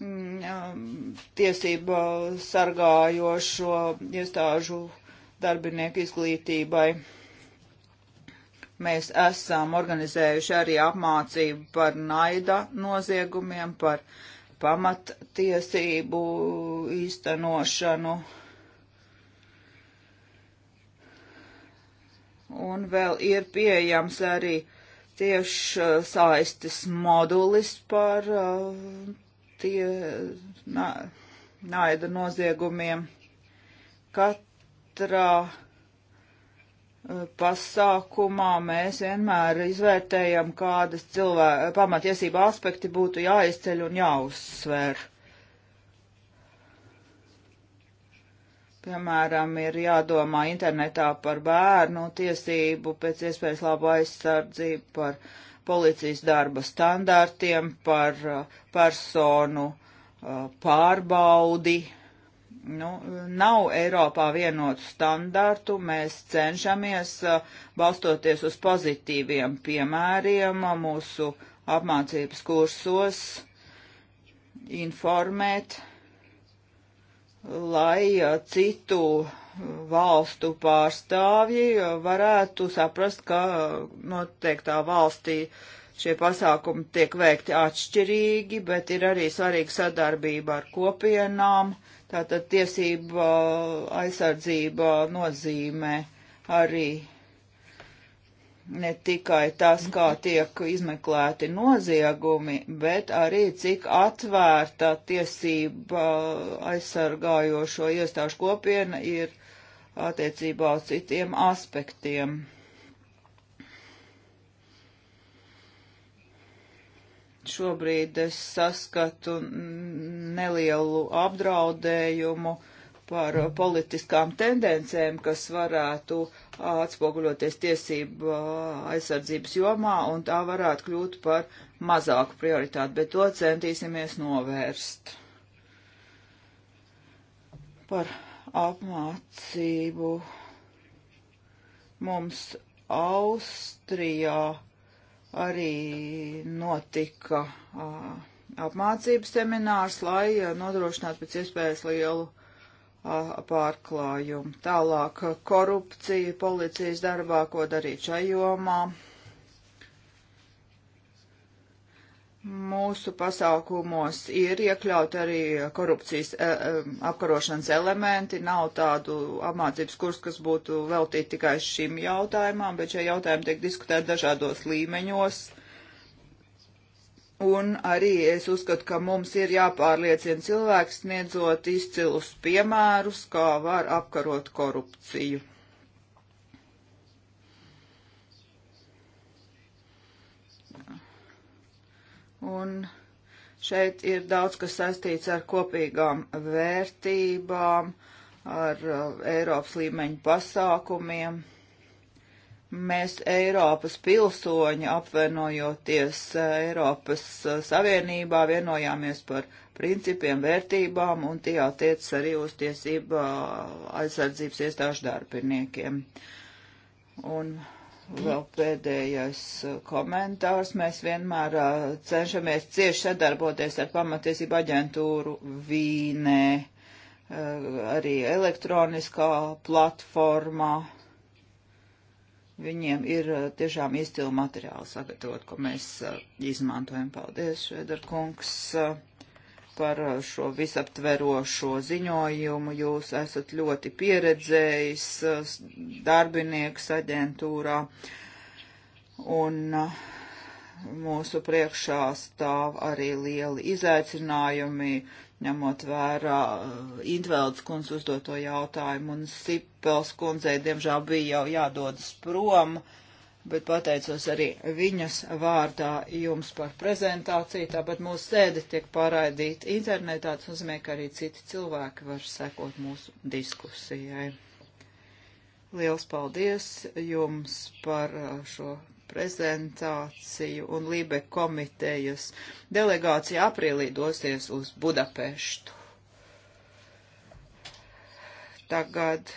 mm, um, tiesību sargājošo iestāžu darbinieku izglītībai. Mēs esam organizējuši arī apmācību par naida noziegumiem, par pamattiesību īstenošanu. Uh, un vēl ir pieejams arī tieši uh, saistes modulis par uh, tie na, naida noziegumiem. Katrā uh, pasākumā mēs vienmēr izvērtējam, kādas cilvēku pamatiesība aspekti būtu jāizceļ un jāuzsver. Piemēram, ir jādomā internetā par bērnu tiesību, pēc iespējas labu aizsardzību, par policijas darba standārtiem, par uh, personu uh, pārbaudi. Nu, nav Eiropā vienotu standārtu, mēs cenšamies, uh, balstoties uz pozitīviem piemēriem mūsu apmācības kursos, informēt lai citu valstu pārstāvji varētu saprast, ka noteiktā valstī šie pasākumi tiek veikti atšķirīgi, bet ir arī svarīga sadarbība ar kopienām. Tātad tiesība aizsardzība nozīmē arī ne tikai tas, kā tiek izmeklēti noziegumi, bet arī cik atvērta tiesība aizsargājošo iestāžu kopiena ir attiecībā uz citiem aspektiem. Šobrīd es saskatu nelielu apdraudējumu par politiskām tendencēm, kas varētu uh, atspoguļoties tiesību uh, aizsardzības jomā, un tā varētu kļūt par mazāku prioritāti, bet to centīsimies novērst. Par apmācību mums Austrijā arī notika uh, apmācības seminārs, lai uh, nodrošinātu pēc iespējas lielu pārklājumu. Tālāk korupcija policijas darbā, ko darīt šajomā. Mūsu pasākumos ir iekļaut arī korupcijas e, e, apkarošanas elementi. Nav tādu apmācības kursu, kas būtu veltīti tikai šim jautājumam, bet šie jautājumi tiek diskutēti dažādos līmeņos. Un arī es uzskatu, ka mums ir jāpārliecina cilvēks sniedzot izcilus piemērus, kā var apkarot korupciju. Un šeit ir daudz, kas saistīts ar kopīgām vērtībām, ar uh, Eiropas līmeņu pasākumiem mēs Eiropas pilsoņi apvienojoties eh, Eiropas eh, Savienībā vienojāmies par principiem, vērtībām un tie attiec arī uz tiesību eh, aizsardzības iestāžu darbiniekiem. Un vēl pēdējais komentārs. Mēs vienmēr cenšamies cieši sadarboties ar pamatiesību aģentūru Vīnē, arī elektroniskā platformā Viņiem ir eh, tiešām izcili materiāli sagatavot, ko mēs eh, izmantojam. Paldies, Švedar kungs, eh, par šo visaptverošo ziņojumu. Jūs esat ļoti pieredzējis darbinieks aģentūrā. Un mūsu priekšā stāv arī lieli izaicinājumi ņemot vērā uh, Intveldes kundz uzdoto jautājumu, un Sipels kundzei, diemžēl, bija jau jādodas prom, bet pateicos arī viņas vārdā jums par prezentāciju, tāpat mūsu sēde tiek pārraidīta internetā, tas nozīmē, ka arī citi cilvēki var sekot mūsu diskusijai. Liels paldies jums par uh, šo prezentāciju un Lībe komitejas delegācija aprīlī dosies uz Budapeštu. Tagad,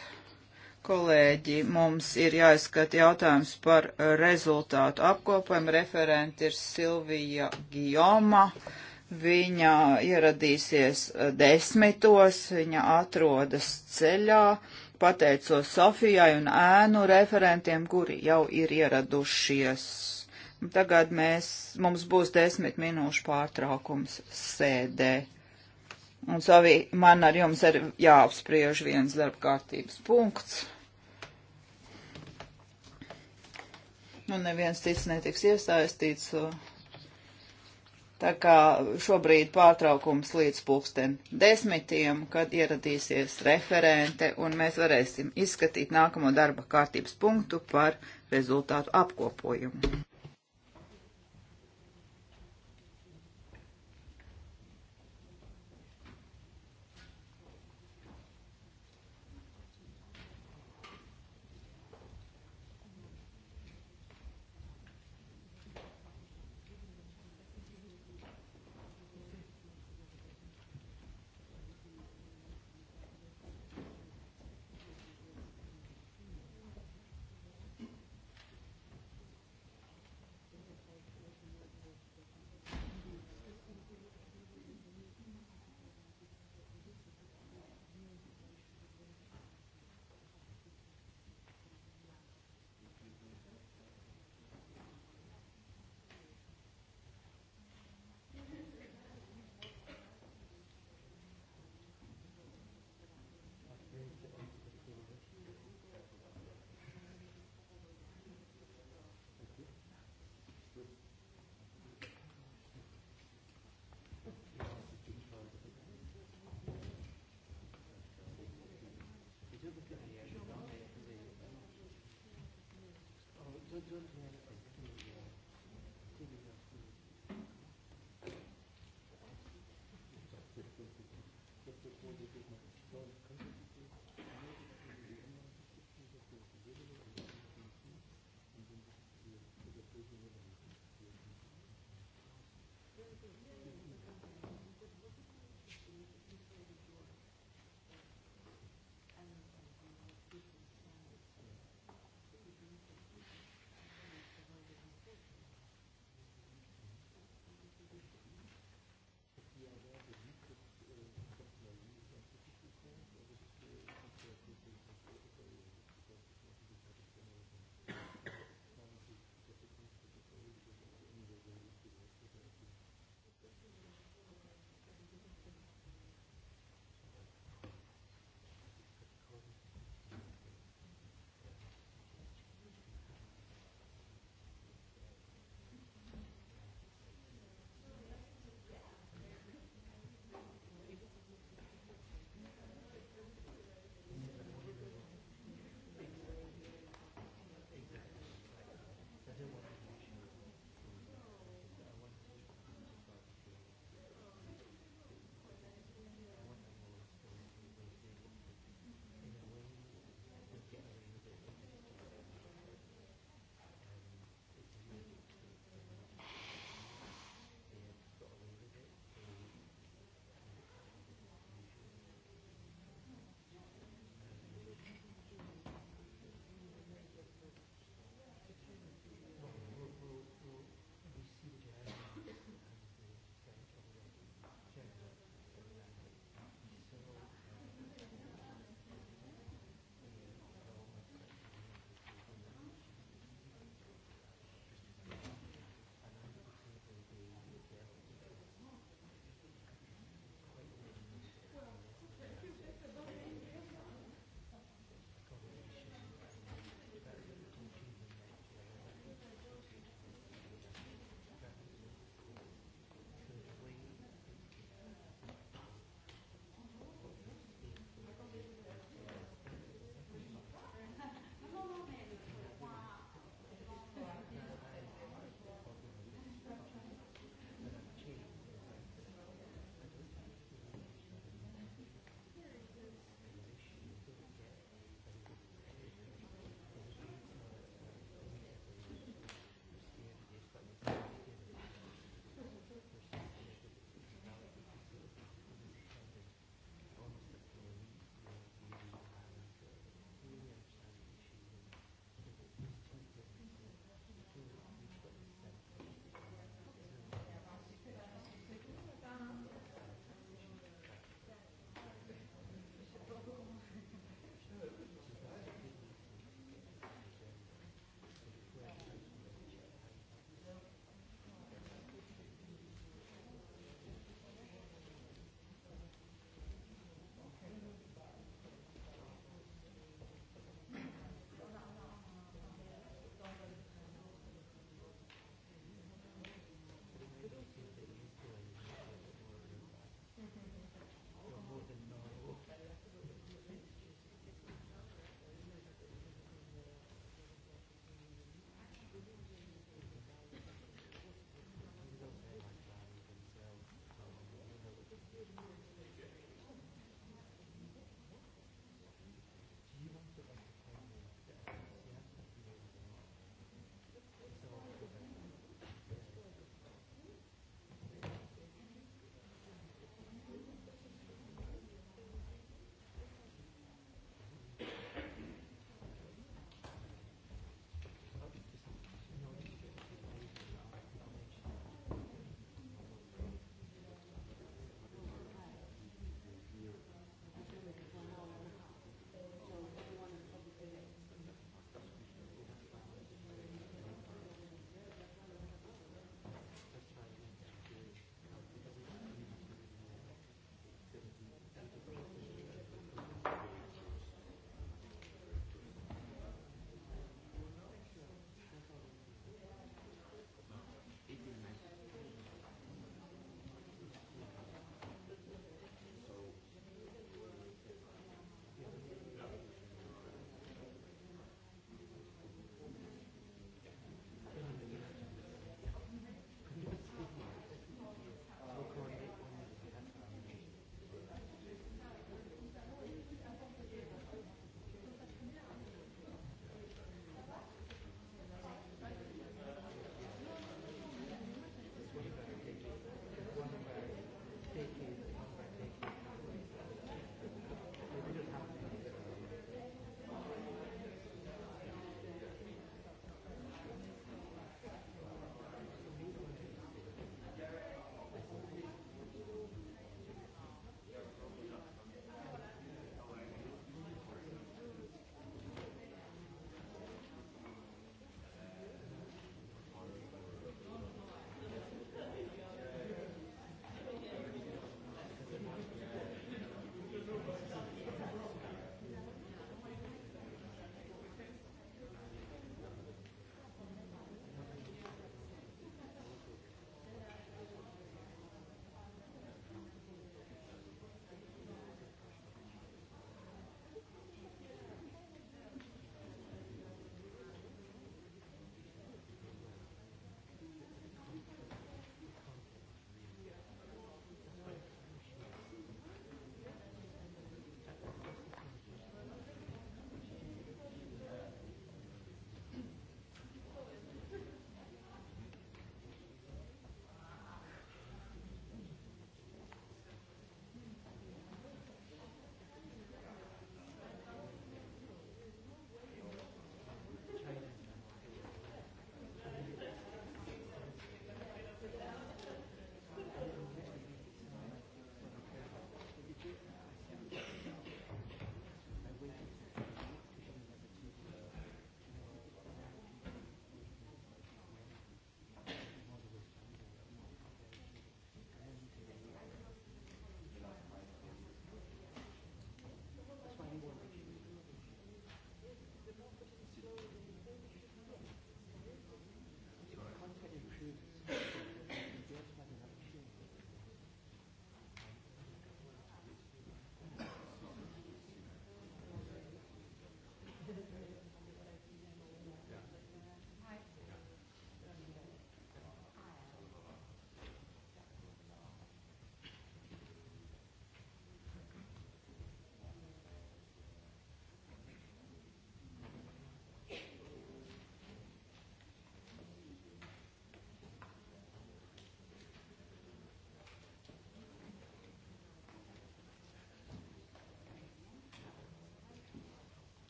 kolēģi, mums ir jāizskata jautājums par rezultātu apkopojumu. Referenti ir Silvija Gijoma. Viņa ieradīsies desmitos, viņa atrodas ceļā pateicos Sofijai un ēnu referentiem, kuri jau ir ieradušies. Tagad mēs, mums būs desmit minūšu pārtraukums sēdē. Un savi, man ar jums ir jāapspriež viens darba kārtības punkts. Un nu, neviens cits netiks iesaistīts. So. Tā kā šobrīd pārtraukums līdz pulksten desmitiem, kad ieradīsies referente un mēs varēsim izskatīt nākamo darba kārtības punktu par rezultātu apkopojumu.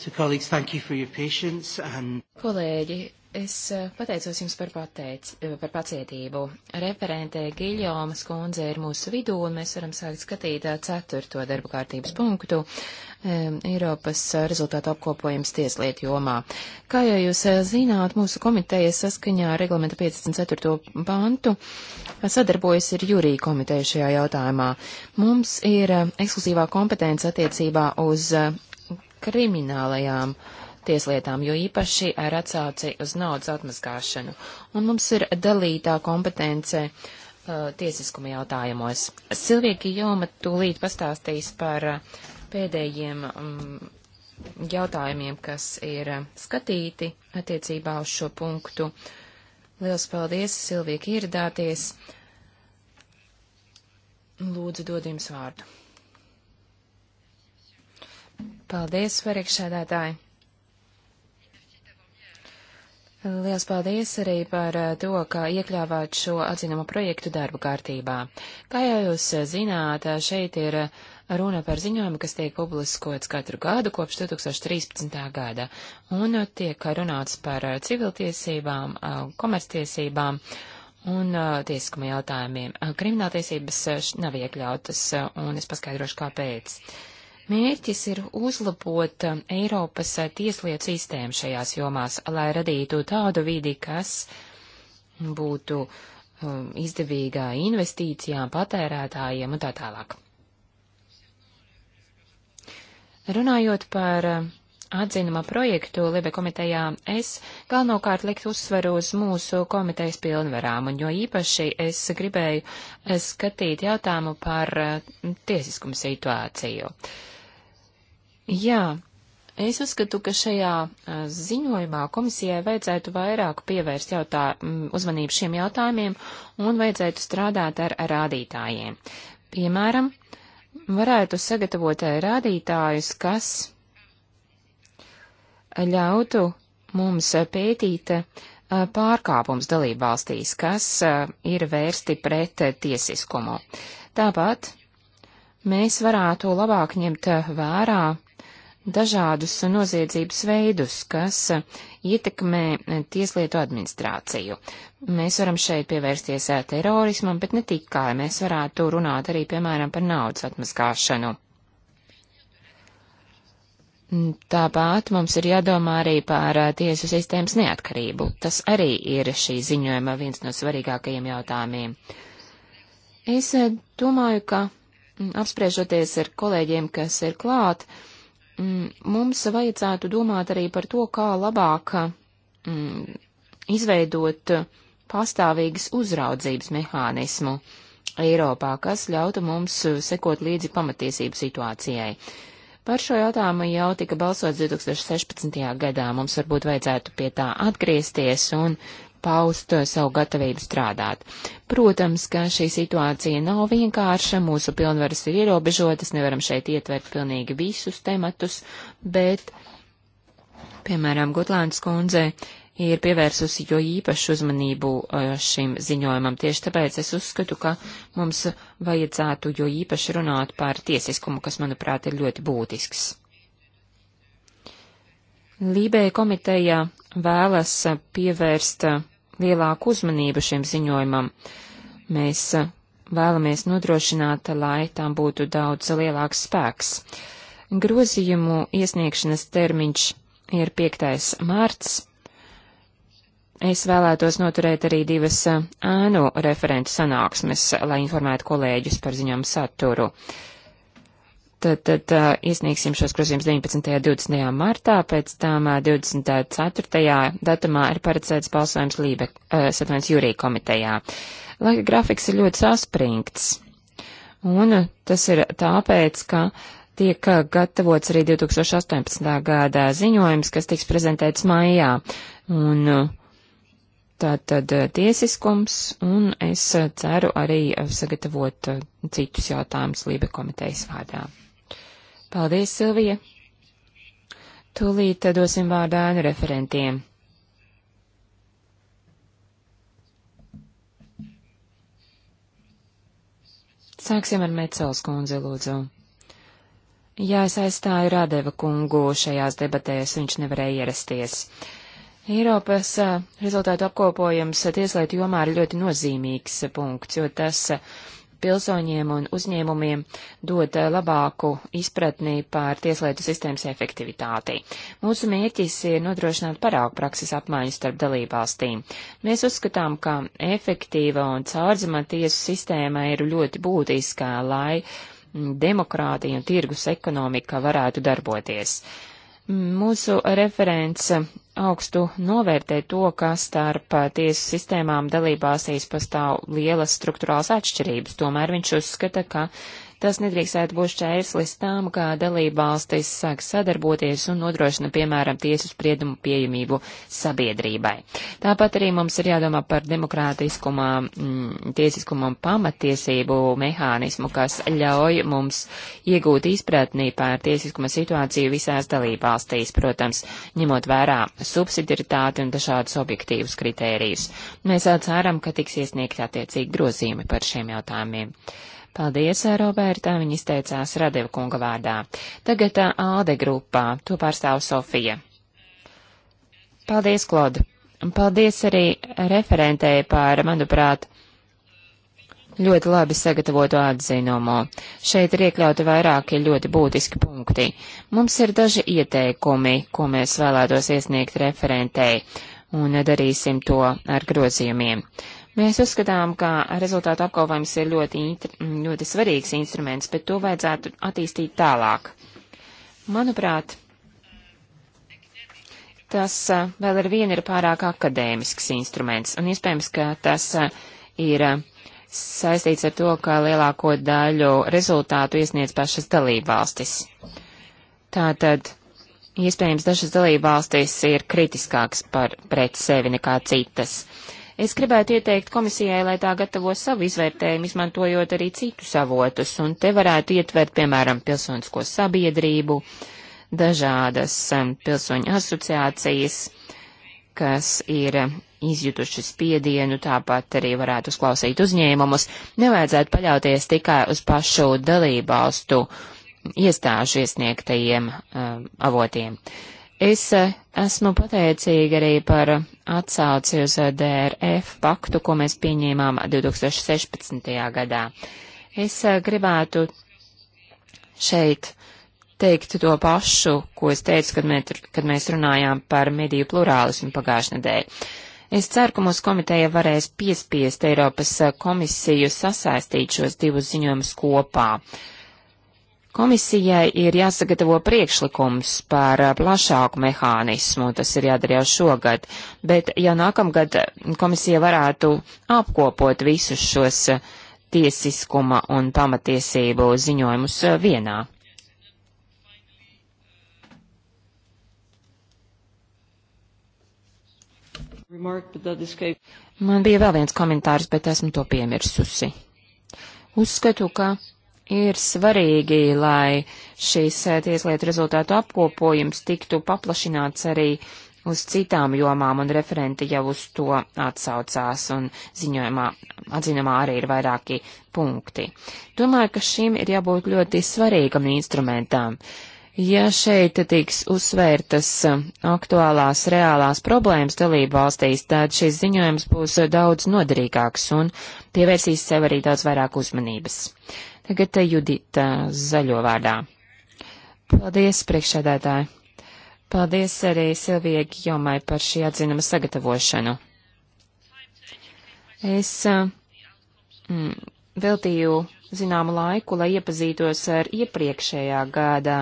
So, colleagues, thank you for your patience and... Kolēģi, es eh, pateicos jums par, pateic, eh, par pacietību. Referentē Giļomas kundze ir mūsu vidū, un mēs varam sākt skatīt eh, ceturto darbu kārtības punktu. Eiropas rezultātu apkopojums tieslietu jomā. Kā jau jūs zināt, mūsu komiteja saskaņā ar reglamenta 54. pantu sadarbojas ar jūriju komiteju šajā jautājumā. Mums ir ekskluzīvā kompetence attiecībā uz kriminālajām tieslietām, jo īpaši ar atsauci uz naudas atmazgāšanu. Un mums ir dalītā kompetence uh, tiesiskuma jautājumos. Silvija Kijoma tūlīt pastāstīs par uh, pēdējiem um, jautājumiem, kas ir uh, skatīti attiecībā uz šo punktu. Liels paldies, Silvija, ka ieradāties. Lūdzu, dod jums vārdu. Paldies, priekšsēdētāji! Lielas paldies arī par eh, to, ka iekļāvāt šo atzinumu projektu darba kārtībā. Kā jau jūs eh, zināt, eh, šeit ir runa par ziņojumu, kas tiek publiskots katru gadu kopš 2013. gada, un tiek runāts par civiltiesībām, komerctiesībām un tiesiskuma jautājumiem. Krimināltiesības nav iekļautas, un es paskaidrošu, kāpēc. Mērķis ir uzlabot um, Eiropas uh, tieslietu sistēmu šajās jomās, lai radītu tādu vidi, kas būtu um, izdevīgā investīcijām, patērētājiem un tā tālāk. Runājot par um, atzinuma projektu Libe komitejā, es galvenokārt liktu uzsveru uz mūsu komitejas pilnvarām, un jo īpaši es gribēju uh, skatīt jautājumu par uh, tiesiskumu situāciju. Uh, Jā, es uzskatu, ka šajā ziņojumā komisijai vajadzētu vairāk pievērst jautā, uzmanību šiem jautājumiem un vajadzētu strādāt ar rādītājiem. Piemēram, varētu sagatavot rādītājus, kas ļautu mums pētīt pārkāpums dalībvalstīs, kas ir vērsti pret tiesiskumu. Tāpat mēs varētu labāk ņemt vērā dažādus noziedzības veidus, kas ietekmē tieslietu administrāciju. Mēs varam šeit pievērsties terorismam, bet ne tikai, mēs varētu runāt arī, piemēram, par naudas atmaskāšanu. Tāpat mums ir jādomā arī par tiesu sistēmas neatkarību. Tas arī ir šī ziņojuma viens no svarīgākajiem jautājumiem. Es domāju, ka mm, apspriežoties ar kolēģiem, kas ir klāt, uh, Mm, mums vajadzētu domāt arī par to, kā labāk mm, izveidot pastāvīgas uzraudzības mehānismu Eiropā, kas ļautu mums sekot līdzi pamatiesību situācijai. Par šo jautājumu jau tika balsots 2016. gadā. Mums varbūt vajadzētu pie tā atgriezties un paust eh, savu gatavību strādāt. Protams, ka šī situācija nav vienkārša, mūsu pilnvaras ir ierobežotas, nevaram šeit ietvert pilnīgi visus tematus, bet, piemēram, Gutlāns kundze ir pievērsusi jo īpašu uzmanību eh, šim ziņojumam. Tieši tāpēc es uzskatu, ka mums vajadzētu jo īpaši runāt par tiesiskumu, kas, manuprāt, ir ļoti būtisks. Lībēja komiteja vēlas pievērst eh, lielāku uzmanību šim ziņojumam. Mēs eh, vēlamies nodrošināt, lai tām būtu daudz lielāks spēks. Grozījumu iesniegšanas termiņš ir 5. mārts. Es vēlētos noturēt arī divas eh, ēnu referentu sanāksmes, lai informētu kolēģus par ziņām saturu. Uh, Tad, tad iesniegsim šos grozījumus 19. un 20. martā, pēc tam 24. datumā ir paredzēts balsojums Lībe, uh, satvenis jūrija komitejā. Laika grafiks ir ļoti saspringts, un tas ir tāpēc, ka tiek gatavots arī 2018. gada ziņojums, kas tiks prezentēts maijā, un tātad tiesiskums, un es ceru arī sagatavot citus jautājumus Lībe komitejas vārdā. Paldies, Silvija! Tūlīt dosim vārdu ēnu referentiem. Sāksim ar Mecels kundzi, lūdzu. Jā, es aizstāju Rādeva kungu šajās debatēs, viņš nevarēja ierasties. Eiropas rezultātu apkopojums tieslietu jomā ir ļoti nozīmīgs punkts, jo tas pilsoņiem un uzņēmumiem dod eh, labāku izpratni par tieslietu sistēmas efektivitāti. Mūsu mērķis ir nodrošināt paraugu prakses apmaiņu starp dalībvalstīm. Mēs uzskatām, ka efektīva un caurzemā tiesu sistēma ir ļoti būtiskā, lai mm, demokrātija un tirgus ekonomika varētu darboties. Uh, Mūsu referents augstu novērtē to, ka starp tiesu sistēmām dalībāsīs pastāv lielas struktūrāls atšķirības, tomēr viņš uzskata, ka Tas nedrīkstētu būt šķērslis tām, kā dalībvalstis sāk sadarboties un nodrošina, piemēram, tiesu spriedumu pieejamību sabiedrībai. Tāpat arī mums ir jādomā par demokrātiskumā, mm, tiesiskumam pamatiesību mehānismu, kas ļauj mums iegūt izpratnī par tiesiskuma situāciju visās dalībvalstīs, protams, ņemot vērā subsidiaritāti un dažādus objektīvus kritērijus. Mēs ceram, ka tiks iesniegt attiecīgi grozījumi par šiem jautājumiem. Paldies, eh, Roberta, viņa izteicās Radeva kunga vārdā. Tagad eh, Alde grupā, to pārstāv Sofija. Paldies, Klod. Un paldies arī referentēji par, manuprāt, ļoti labi sagatavotu atzinumu. Šeit ir iekļauti vairāki ļoti būtiski punkti. Mums ir daži ieteikumi, ko mēs vēlētos iesniegt referentei, un darīsim to ar grozījumiem. Mēs uzskatām, ka rezultātu apkalpojums ir ļoti, mm, ļoti svarīgs instruments, bet to vajadzētu attīstīt tālāk. Manuprāt, tas vēl ar vienu ir pārāk akadēmisks instruments, un iespējams, ka tas ir saistīts ar to, ka lielāko daļu rezultātu iesniedz pašas dalībvalstis. Tātad. Iespējams, dažas dalībvalstis ir kritiskākas par pret sevi nekā citas. Uh, Es gribētu ieteikt komisijai, lai tā gatavo savu izvērtējumu, izmantojot arī citu savotus, un te varētu ietvert, piemēram, pilsonisko sabiedrību, dažādas um, pilsoņu asociācijas, kas ir izjutuši spiedienu, tāpat arī varētu uzklausīt uzņēmumus. Nevajadzētu paļauties tikai uz pašu dalībvalstu iestāžu iesniegtajiem um, avotiem. Uh, Es eh, esmu pateicīga arī par atsauci uz eh, DRF paktu, ko mēs pieņēmām 2016. gadā. Es eh, gribētu šeit teikt to pašu, ko es teicu, kad, mē, kad mēs runājām par mediju plurālismu pagājušajā nedēļā. Es ceru, ka mūsu komiteja varēs piespiest Eiropas komisiju sasaistīt šos divus ziņojumus kopā. Uh, Komisijai ir jāsagatavo priekšlikums par plašāku mehānismu, tas ir jādara jau šogad, bet jau nākamgad komisija varētu apkopot visus šos tiesiskuma un pamatiesību ziņojumus vienā. Man bija vēl viens komentārs, bet esmu to piemirsusi. Uzskatu, ka Ir svarīgi, lai šīs eh, tieslietu rezultātu apkopojums tiktu paplašināts arī uz citām jomām, un referenti jau uz to atsaucās, un ziņojumā, atzinumā arī ir vairāki punkti. Domāju, ka šim ir jābūt ļoti svarīgam instrumentam. Ja šeit tiks uzsvērtas eh, aktuālās reālās problēmas dalību valstīs, tad šis ziņojums būs eh, daudz noderīgāks un pievērsīs sev arī daudz vairāk uzmanības. Tagad te Judita eh, zaļo vārdā. Paldies, priekšsēdētāji. Paldies arī Silvijai Gjomai par šī atzinuma sagatavošanu. Es eh, mm, veltīju zināmu laiku, lai iepazītos ar iepriekšējā gada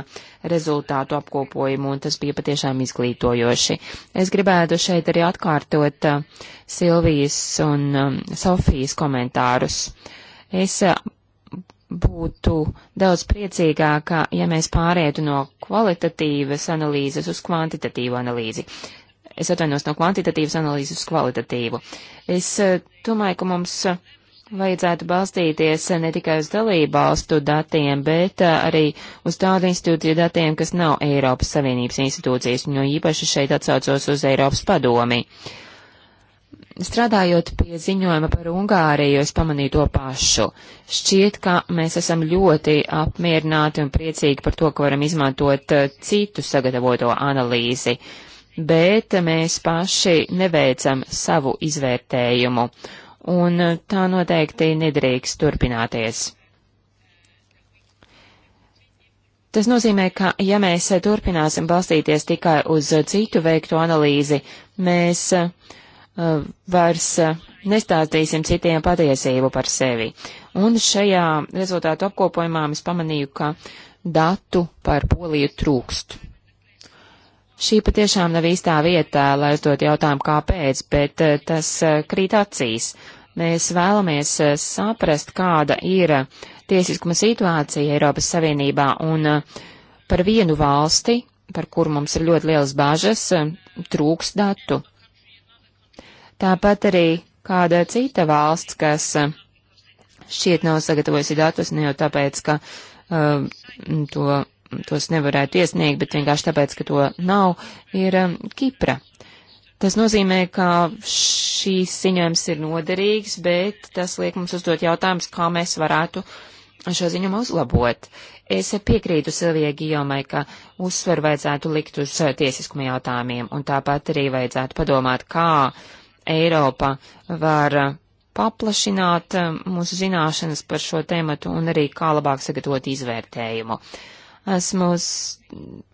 rezultātu apkopojumu, un tas bija patiešām izglītojoši. Es gribētu šeit arī atkārtot eh, Silvijas un Sofijas komentārus. Es būtu daudz priecīgāka, ja mēs pārietu no kvalitatīvas analīzes uz kvantitatīvu analīzi. Es atvainos no kvantitatīvas analīzes uz kvalitatīvu. Es eh, domāju, ka mums vajadzētu balstīties eh, ne tikai uz dalībvalstu datiem, bet eh, arī uz tādu institūciju datiem, kas nav Eiropas Savienības institūcijas, jo īpaši šeit atsaucos uz Eiropas padomi. Uh, Strādājot pie ziņojuma par Ungāriju, es pamanīju to pašu. Šķiet, ka mēs esam ļoti apmierināti un priecīgi par to, ka varam izmantot eh, citu sagatavoto analīzi, bet mēs paši neveicam savu izvērtējumu, un eh, tā noteikti nedrīkst turpināties. Tas nozīmē, ka ja mēs turpināsim balstīties tikai uz citu veiktu analīzi, mēs uh, Eh, vairs eh, nestāstīsim citiem patiesību par sevi. Un šajā rezultātu apkopojumā es pamanīju, ka datu par poliju trūkst. Šī patiešām nav īstā vietā, lai uzdot jautājumu, kāpēc, bet eh, tas krīt acīs. Mēs vēlamies saprast, kāda ir tiesiskuma situācija Eiropas Savienībā un par vienu valsti, par kuru mums ir ļoti liels bāžas, trūks datu. Tāpat arī kāda cita valsts, kas eh, šķiet nav sagatavojusi datus ne jau tāpēc, ka uh, to, tos nevarētu iesniegt, bet vienkārši tāpēc, ka to nav, ir um, Kipra. Tas nozīmē, ka šīs ziņojums ir noderīgs, bet tas liek mums uzdot jautājums, kā mēs varētu šo ziņojumu uzlabot. Es piekrītu Silvijai Gijomai, ka uzsver vajadzētu likt uz tiesiskuma jautājumiem, un tāpat arī vajadzētu padomāt, kā uh, Eiropā var uh, paplašināt uh, mūsu zināšanas par šo tēmatu un arī kā labāk sagatavot izvērtējumu. Esmu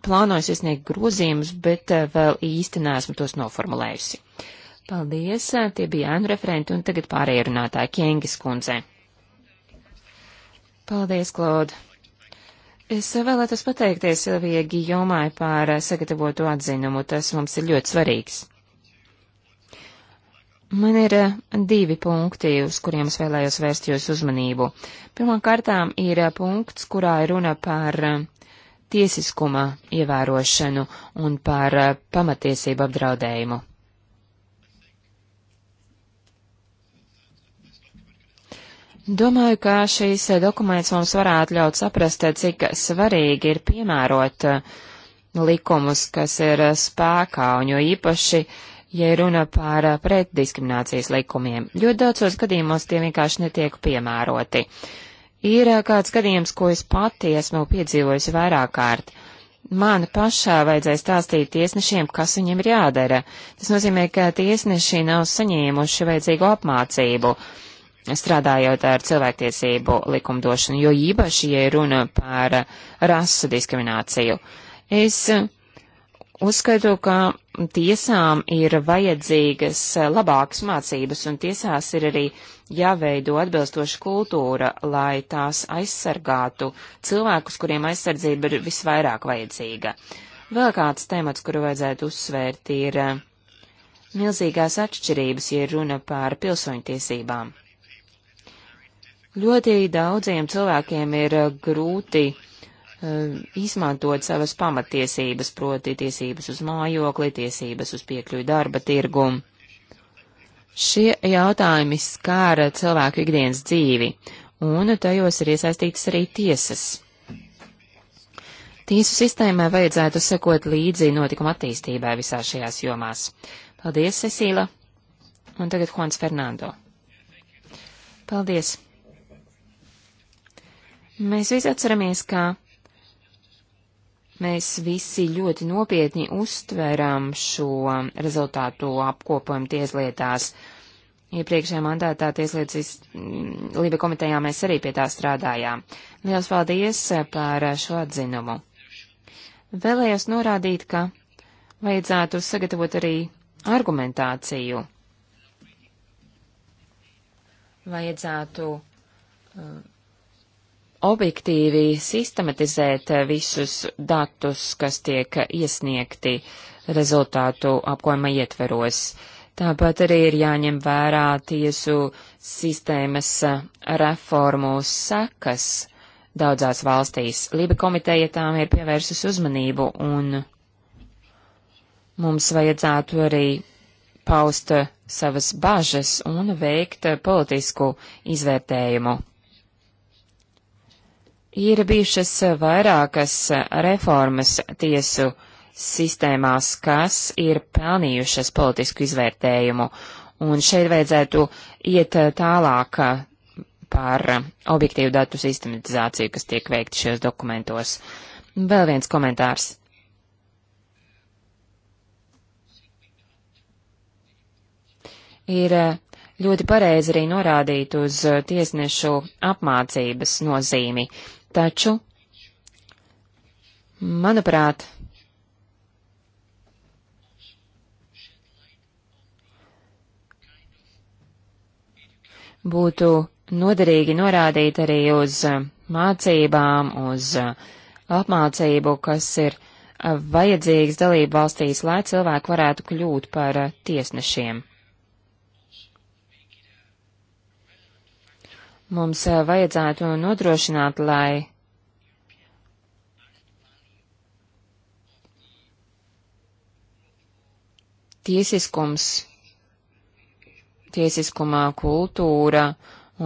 plānojis iesniegt grozījumus, bet uh, vēl īsti neesmu tos noformulējusi. Paldies, tie bija ēnu referenti un tagad pārējie runātāji Kiengis kundze. Paldies, Klaud. Es vēlētos pateikties Silvijai Gijomai par sagatavotu atzinumu, tas mums ir ļoti svarīgs. Man ir eh, divi punkti, uz kuriem es vēlējos vērst jūs uzmanību. Pirmkārtām ir eh, punkts, kurā ir runa par eh, tiesiskuma ievērošanu un par pamatiesību apdraudējumu. Domāju, ka šīs dokuments mums varētu ļaut saprast, cik svarīgi ir piemērot likumus, kas ir spēkā, un jo īpaši ja runa par eh, pretdiskriminācijas likumiem, jo daudzos gadījumos tie vienkārši netiek piemēroti. Ir eh, kāds gadījums, ko es pati esmu piedzīvojusi vairāk kārt. Man pašā vajadzēja stāstīt tiesnešiem, kas viņiem ir jādara. Tas nozīmē, ka tiesneši nav saņēmuši vajadzīgo apmācību strādājot ar cilvēktiesību likumdošanu, jo īpaši, ja runa par eh, rasu diskrimināciju. Es Uzskatu, ka tiesām ir vajadzīgas eh, labākas mācības, un tiesās ir arī jāveido atbilstoša kultūra, lai tās aizsargātu cilvēkus, kuriem aizsardzība ir visvairāk vajadzīga. Vēl kāds temats, kuru vajadzētu uzsvērt, ir eh, milzīgās atšķirības, ja runa par pilsoņtiesībām. Ļoti daudziem cilvēkiem ir eh, grūti Eh, izmantot savas pamatiesības, proti tiesības uz mājokli, tiesības uz piekļuvi darba tirgumu. Šie jautājumi skāra cilvēku ikdienas dzīvi, un tajos ir iesaistītas arī tiesas. Tiesu sistēmai vajadzētu sekot līdzi notikuma attīstībai visā šajās jomās. Paldies, Cecīla! Un tagad Juans Fernando. Paldies! Mēs visi atceramies, ka Mēs visi ļoti nopietni uztveram šo rezultātu apkopojumu tieslietās. Iepriekšējā mandātā tieslietas mm, Lība komitejā mēs arī pie tā strādājām. Liels paldies eh, par eh, šo atzinumu. Vēlējos norādīt, ka vajadzētu sagatavot arī argumentāciju. Vajadzētu uh, objektīvi sistematizēt visus datus, kas tiek iesniegti rezultātu apkojuma ietveros. Tāpat arī ir jāņem vērā tiesu sistēmas reformu sekas daudzās valstīs. Liba komiteja tām ir pievērsus uzmanību un mums vajadzētu arī paust savas bažas un veikt politisku izvērtējumu. Ir bijušas vairākas reformas tiesu sistēmās, kas ir pelnījušas politisku izvērtējumu, un šeit vajadzētu iet eh, tālāk eh, par objektīvu datu sistematizāciju, kas tiek veikta šajos dokumentos. Vēl viens komentārs. Ir eh, ļoti pareizi arī norādīt uz tiesnešu apmācības nozīmi. Taču, manuprāt, būtu noderīgi norādīt arī uz mācībām, uz apmācību, kas ir vajadzīgs dalību valstīs, lai cilvēki varētu kļūt par tiesnešiem. Mums vajadzētu nodrošināt, lai tiesiskums, tiesiskumā kultūra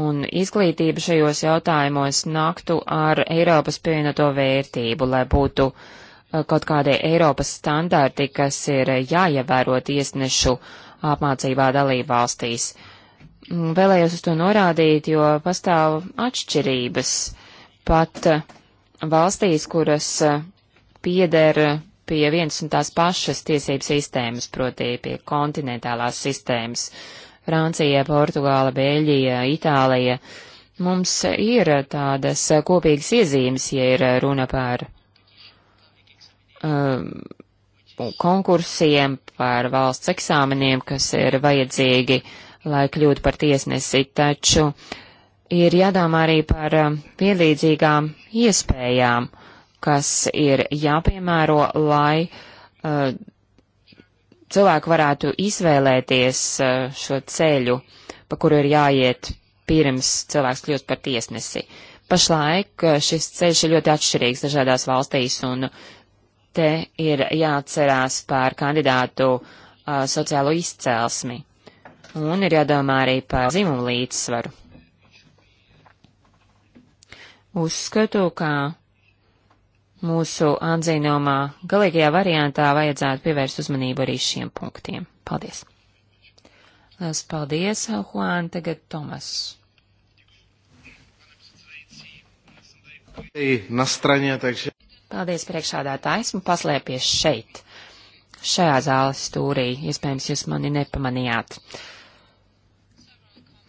un izglītība šajos jautājumos naktu ar Eiropas pievienoto vērtību, lai būtu kaut kādie Eiropas standarti, kas ir jāievēro tiesnešu apmācībā dalībvalstīs. valstīs Mm, vēlējos uz to norādīt, jo pastāv atšķirības pat uh, valstīs, kuras uh, pieder uh, pie vienas un tās pašas tiesību sistēmas, proti pie kontinentālās sistēmas. Francija, Portugāla, Bēļģija, Itālija. Mums ir tādas kopīgas iezīmes, ja ir runa par um, konkursiem, par valsts eksāmeniem, kas ir vajadzīgi uh, lai kļūtu par tiesnesi, taču ir jādomā arī par pielīdzīgām um, iespējām, kas ir jāpiemēro, lai uh, cilvēku varētu izvēlēties uh, šo ceļu, pa kuru ir jāiet pirms cilvēks kļūst par tiesnesi. Pašlaik uh, šis ceļš ir ļoti atšķirīgs dažādās valstīs, un te ir jāatcerās par kandidātu uh, sociālo izcelsmi. Un ir jādomā arī par dzimumu līdzsvaru. Uzskatu, ka mūsu atzīnumā galīgajā variantā vajadzētu pievērst uzmanību arī šiem punktiem. Paldies! Lielas paldies, Juan, tagad Tomas. Paldies, priekšādātāji, esmu paslēpies šeit, šajā zāles stūrī, iespējams, jūs mani nepamanījāt. Uh,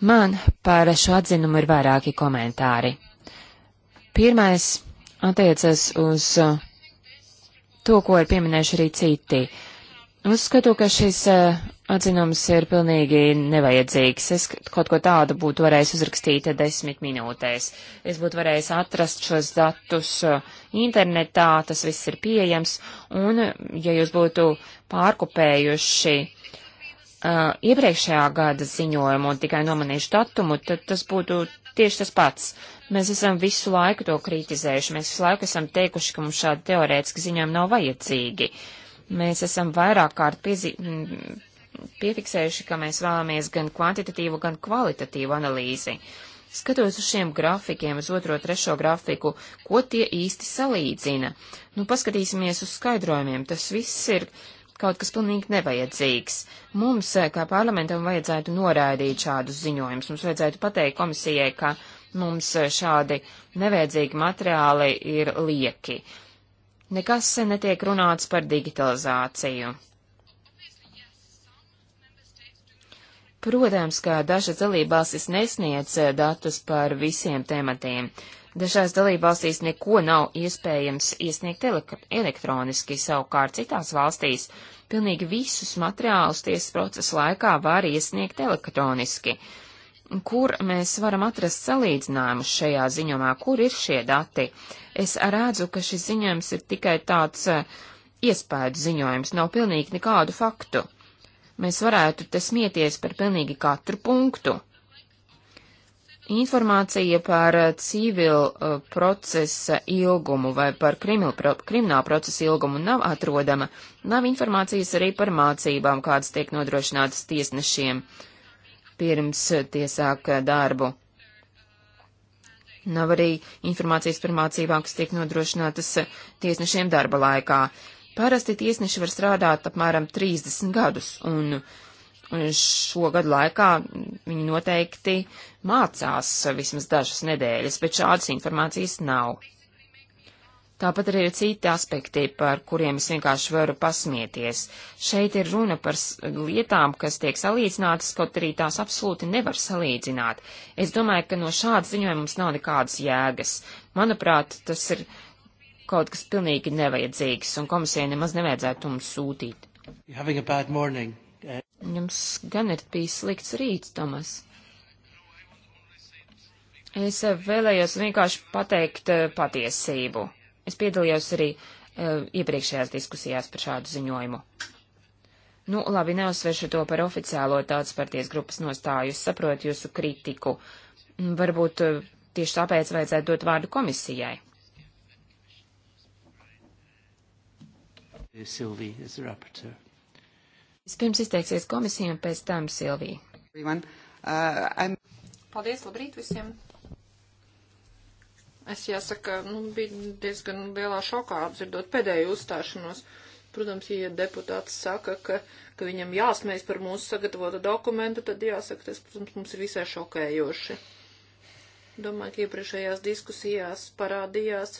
Man par šo atzinumu ir vairāki komentāri. Pirmais attiecas uz uh, to, ko ir pieminējuši arī citi. Uzskatu, ka šis uh, atzinums ir pilnīgi nevajadzīgs. Es kaut ko tādu būtu varējis uzrakstīt desmit minūtēs. Es būtu varējis atrast šos datus uh, internetā, tas viss ir pieejams, un ja jūs būtu pārkopējuši uh, iepriekšējā gada ziņojumu un tikai nomanīšu datumu, tad tas būtu tieši tas pats. Mēs esam visu laiku to kritizējuši, mēs visu laiku esam teikuši, ka mums šādi teorētiski ziņojumi nav vajadzīgi. Mēs esam vairāk kārt piezi mm, piefiksējuši, ka mēs vēlamies gan kvantitatīvu, gan kvalitatīvu analīzi. Skatos uz šiem grafikiem, uz otro, trešo grafiku, ko tie īsti salīdzina. Nu, paskatīsimies uz skaidrojumiem. Tas viss ir uh, kaut kas pilnīgi nevajadzīgs. Mums, eh, kā parlamentam, vajadzētu noraidīt šādus ziņojumus. Mums vajadzētu pateikt komisijai, ka mums eh, šādi nevajadzīgi materiāli ir lieki. Nekas netiek runāts par digitalizāciju. Protams, ka dažas dalībvalstis nesniedz eh, datus par visiem tematiem. Dažās dalībvalstīs neko nav iespējams iesniegt elektroniski, savukārt citās valstīs pilnīgi visus materiālus tiesas procesa laikā var iesniegt elektroniski. Kur mēs varam atrast salīdzinājumus šajā ziņumā, kur ir šie dati? Es redzu, ka šis ziņojums ir tikai tāds eh, iespēju ziņojums, nav pilnīgi nekādu faktu. Mēs varētu te smieties par pilnīgi katru punktu. Informācija par eh, civilu eh, procesa ilgumu vai par kriminālu procesa ilgumu nav atrodama. Nav informācijas arī par mācībām, kādas tiek nodrošinātas tiesnešiem pirms eh, tie sāk darbu. Nav arī informācijas par mācībām, kas tiek nodrošinātas tiesnešiem darba laikā. Parasti tiesneši var strādāt apmēram 30 gadus, un uh, šo gadu laikā viņi noteikti mācās vismaz dažas nedēļas, bet šādas informācijas nav. Tāpat arī ir citi aspekti, par kuriem es vienkārši varu pasmieties. Šeit ir runa par lietām, kas tiek salīdzinātas, kaut arī tās absolūti nevar salīdzināt. Es domāju, ka no šāda ziņojuma mums nav nekādas jēgas. Manuprāt, tas ir kaut kas pilnīgi nevajadzīgs, un komisija nemaz nevajadzētu mums sūtīt. You're having a bad morning. Jums gan ir bijis slikts rīts, Tomas. Es eh, vēlējos vienkārši pateikt eh, patiesību. Es piedalījos arī uh, iepriekšējās diskusijās par šādu ziņojumu. Nu, labi, neuzsveršu to par oficiālo tautas partijas grupas nostāju. Es saprotu jūsu kritiku. Varbūt uh, tieši tāpēc vajadzētu dot vārdu komisijai. Silvija, as the rapporteur. Vispirms izteiksies komisija un pēc tam Silvija. Uh, Paldies, labrīt visiem! Es jāsaka, nu, biju diezgan lielā šokā apdzirdot pēdējo uzstāšanos. Protams, ja deputāts saka, ka, ka viņam jāsmējas par mūsu sagatavotu dokumentu, tad jāsaka, tas, protams, mums ir visai šokējoši. Domāju, ka iepriekšējās diskusijās parādījās,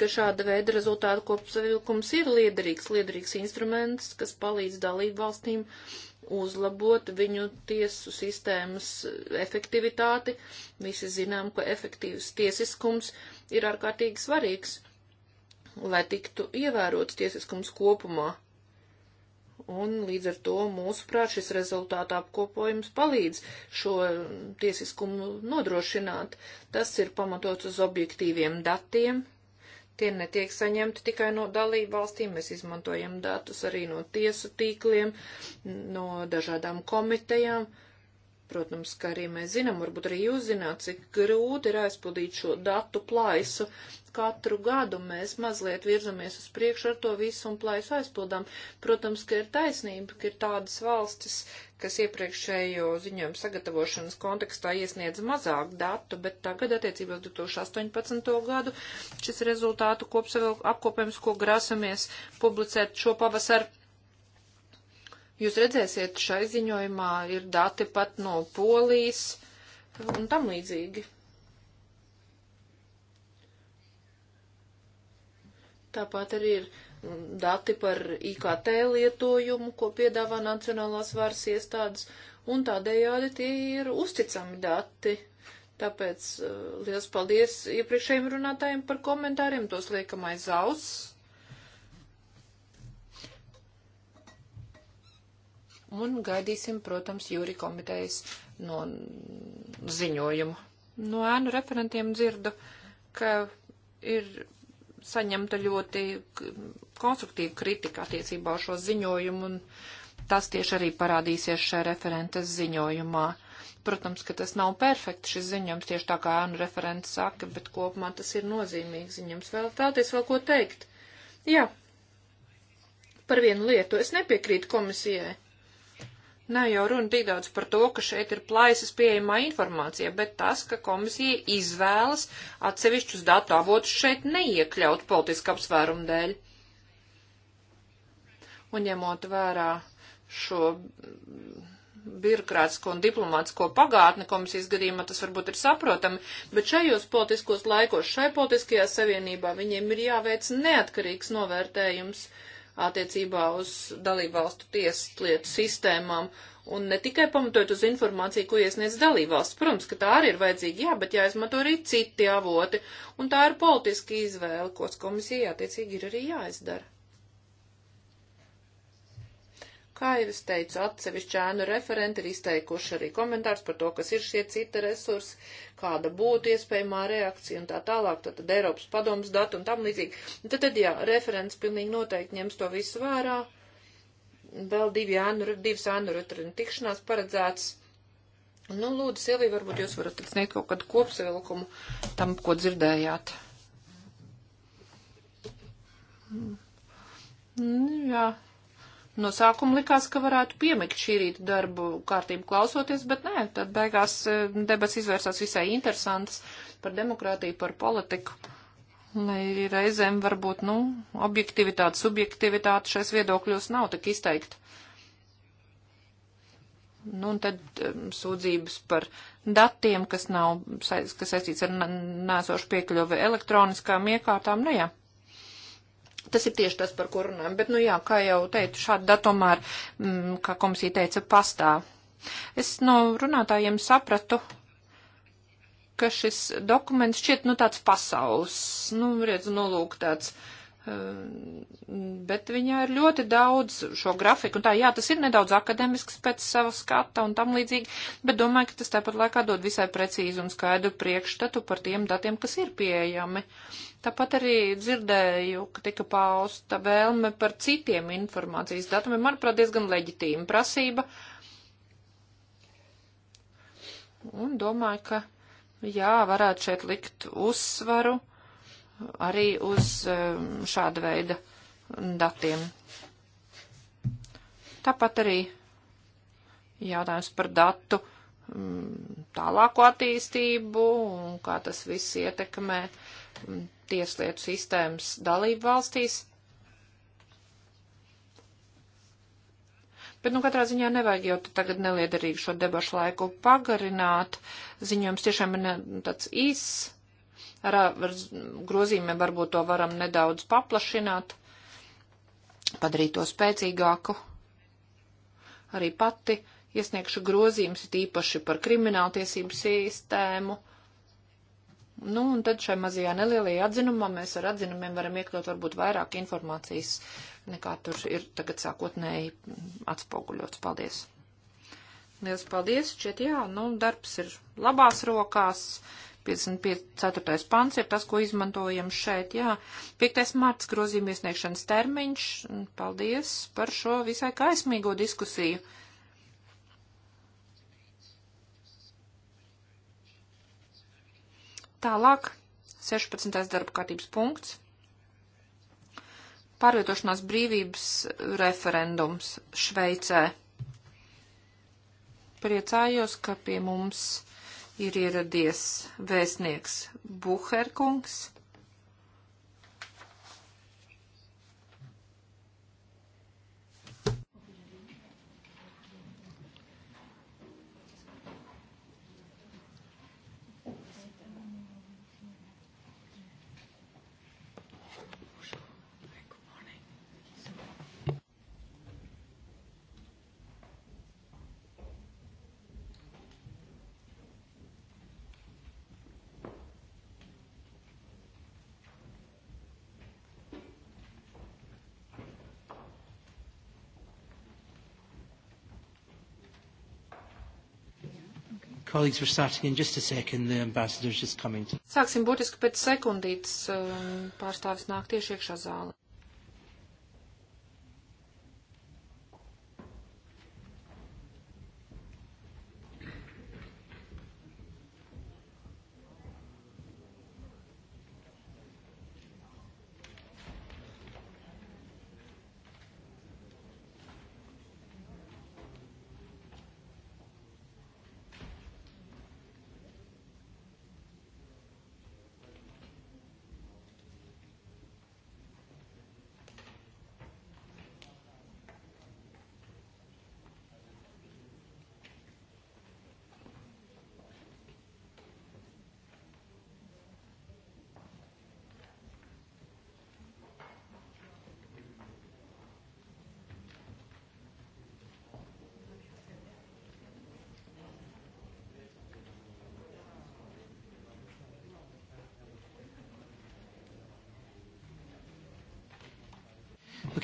ka šāda veida rezultātu kopsavilkums ir liederīgs, liederīgs instruments, kas palīdz dalību valstīm uzlabot viņu tiesu sistēmas efektivitāti. Visi zinām, ka efektīvs tiesiskums ir ārkārtīgi svarīgs, lai tiktu ievērots tiesiskums kopumā. Un līdz ar to, mūsuprāt, šis rezultāta apkopojums palīdz šo tiesiskumu nodrošināt. Tas ir pamatots uz objektīviem datiem, Tie netiek saņemti tikai no dalību valstīm, mēs izmantojam datus arī no tiesu tīkliem, no dažādām komitejām. Protams, ka arī mēs zinām, varbūt arī jūs zināt, cik grūti ir aizpildīt šo datu plaisu. Katru gadu mēs mazliet virzamies uz priekšu ar to visu un plaisu aizpildām. Protams, ka ir taisnība, ka ir tādas valstis, kas iepriekšējo ziņojumu sagatavošanas kontekstā iesniedz mazāk datu, bet tagad attiecībā uz 2018. gadu šis rezultātu apkopējums, ko grasamies publicēt šo pavasaru. Jūs redzēsiet, šai ziņojumā ir dati pat no Polijas un tam līdzīgi. Tāpat arī ir dati par IKT lietojumu, ko piedāvā Nacionālās varas iestādes, un tādējādi tie ir uzticami dati. Tāpēc eh, liels paldies iepriekšējiem runātājiem par komentāriem, tos liekam aiz auss. Un gaidīsim, protams, jūri komitejas no ziņojumu. No ēnu referentiem dzirdu, ka ir saņemta ļoti konstruktīva kritika attiecībā uz šo ziņojumu, un tas tieši arī parādīsies šajā referentes ziņojumā. Protams, ka tas nav perfekts šis ziņojums, tieši tā kā Anna referents saka, bet kopumā tas ir nozīmīgs ziņojums. Vēl vēlties vēl ko teikt? Jā, par vienu lietu. Es nepiekrītu komisijai Nav jau runa tik daudz par to, ka šeit ir plaisas pieejamā informācija, bet tas, ka komisija izvēlas atsevišķus datu avotus šeit neiekļaut politiska apsvērumu dēļ. Un ņemot vērā šo birokrātisko un diplomātisko pagātni komisijas gadījumā, tas varbūt ir saprotami, bet šajos politiskos laikos, šai politiskajā savienībā viņiem ir jāveic neatkarīgs novērtējums. Uh, attiecībā uz dalībvalstu tieslietu sistēmām. Un ne tikai pamatot uz informāciju, ko iesniedz dalībvalsts. Protams, ka tā arī ir vajadzīga, jā, bet jāizmanto arī citi avoti. Un tā ir politiska izvēle, ko komisija attiecīgi ir arī jāizdara. Kā jau es teicu, atsevišķi ēnu referenti ir izteikuši arī komentārs par to, kas ir šie citi resursi, kāda būtu iespējamā reakcija un tā tālāk, tad, tad Eiropas padomas dati un tam līdzīgi. Un tad, tad, jā, referents pilnīgi noteikti ņems to visu vērā. Vēl divi ēnu, divas ēnu referenti tikšanās paredzētas. Nu, lūdzu, Silvija, varbūt jūs varat sniegt kaut kādu kopsavilkumu tam, ko dzirdējāt. Mm, jā, No sākuma likās, ka varētu piemekt šī rīta darbu kārtību klausoties, bet nē, tad beigās e, debats izvērsās visai interesants par demokrātiju, par politiku. Lai reizēm varbūt, nu, objektivitāte, subjektivitāte šais viedokļos nav tik izteikta. Nu, un tad um, sūdzības par datiem, kas nav, kas saistīts ar nēsošu piekļuvi elektroniskām iekārtām, nu jā. Ja. Tas ir tieši tas, par ko runājam. Bet, nu jā, kā jau teicu, šāda datuma, mm, kā komisija teica, pastāv. Es no runātājiem sapratu, ka šis dokuments šķiet, nu, tāds pasaules, nu, redz, nu, lūk, tāds. Uh, Ehm, bet viņā ir ļoti daudz šo grafiku, un tā, jā, tas ir nedaudz akademisks pēc sava skata un tam līdzīgi, bet domāju, ka tas tāpat laikā dod visai precīzu un skaidru priekšstatu par tiem datiem, kas ir pieejami. Tāpat arī dzirdēju, ka tika pausta vēlme par citiem informācijas datumiem, manuprāt, diezgan leģitīma prasība. Un domāju, ka jā, varētu šeit likt uzsvaru arī uz um, šāda veida datiem. Tāpat arī jautājums par datu um, tālāko attīstību un kā tas viss ietekmē um, tieslietu sistēmas dalību valstīs. Bet, nu, katrā ziņā nevajag jau tagad neliederīgi šo debašu laiku pagarināt. Ziņojums tiešām ir tāds īss ar, ar grozīmiem varbūt to varam nedaudz paplašināt, padarīt to spēcīgāku. Arī pati iesniegšu grozījumus, tīpaši par krimināltiesību sistēmu. Nu, un tad šai mazajā nelielajā atzinumā mēs ar atzinumiem varam iekļaut varbūt vairāk informācijas, nekā tur ir tagad sākotnēji atspoguļots. Paldies! Liels paldies! Šķiet, jā, nu, darbs ir labās rokās. 54. pants ir tas, ko izmantojam šeit. Jā, 5. marts grozījuma iesniegšanas termiņš. Paldies par šo visai kaismīgo diskusiju. Tālāk, 16. darba kārtības punkts. Pārvietošanās brīvības referendums Šveicē. Priecājos, ka pie mums ir ieradies vēstnieks Buherkungs. Colleagues, we're starting in just a second. The ambassador's just coming. Sāksim būtiski pēc sekundītes. Um, pārstāvis nāk tieši iekšā zālē.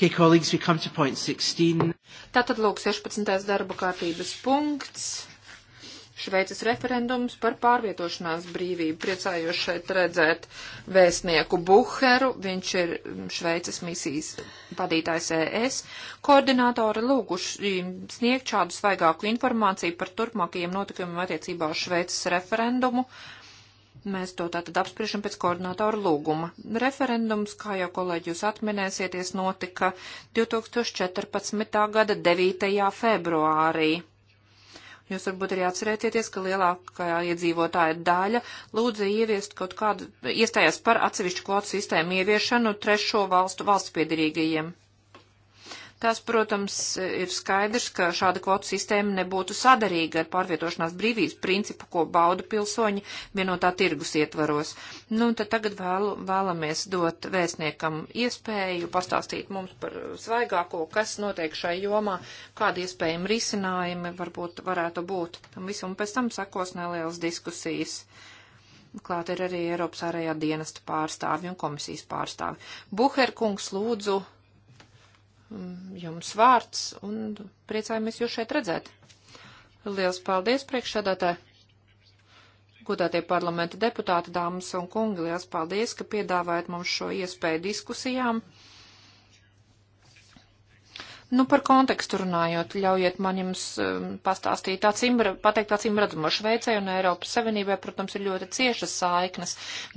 Okay, colleagues, we come to point 16. Tātad lūk 16. darba kārtības punkts. Šveices referendums par pārvietošanās brīvību. Priecājuši šeit redzēt vēstnieku Buheru. Viņš ir mm, Šveices misijas vadītājs ES. Koordinātori lūguši sniegt šādu svaigāku informāciju par turpmākajiem notikumiem attiecībā uz Šveices referendumu. Uh, Mēs to tātad apspriešam pēc koordinātoru lūguma. Referendums, kā jau kolēģi jūs atminēsieties, notika 2014. gada 9. februārī. Jūs varbūt arī atcerēsieties, ka lielākā iedzīvotāja daļa lūdza ieviest kaut kādu, iestājās par atsevišķu kvotu sistēmu ieviešanu trešo valstu valsts piedarīgajiem. Tas, protams, ir skaidrs, ka šāda kvotu sistēma nebūtu sadarīga ar pārvietošanās brīvības principu, ko bauda pilsoņi vienotā tirgus ietvaros. Nu, tad tagad vēl, vēlamies dot vēstniekam iespēju pastāstīt mums par svaigāko, kas notiek šai jomā, kādi iespējami risinājumi varbūt varētu būt. Un visu, un pēc tam sakos nelielas diskusijas. Klāt ir arī Eiropas ārējā dienesta pārstāvi un komisijas pārstāvi. Buherkungs lūdzu jums vārds un priecājamies jūs šeit redzēt. Liels paldies priekšsēdētāji! Godātie parlamenta deputāti, dāmas un kungi, liels paldies, ka piedāvājat mums šo iespēju diskusijām. Nu, par kontekstu runājot, ļaujiet man jums um, pastāstīt, acīm, pateikt acīm redzamo Šveicē un Eiropas Savienībai, protams, ir ļoti ciešas saiknes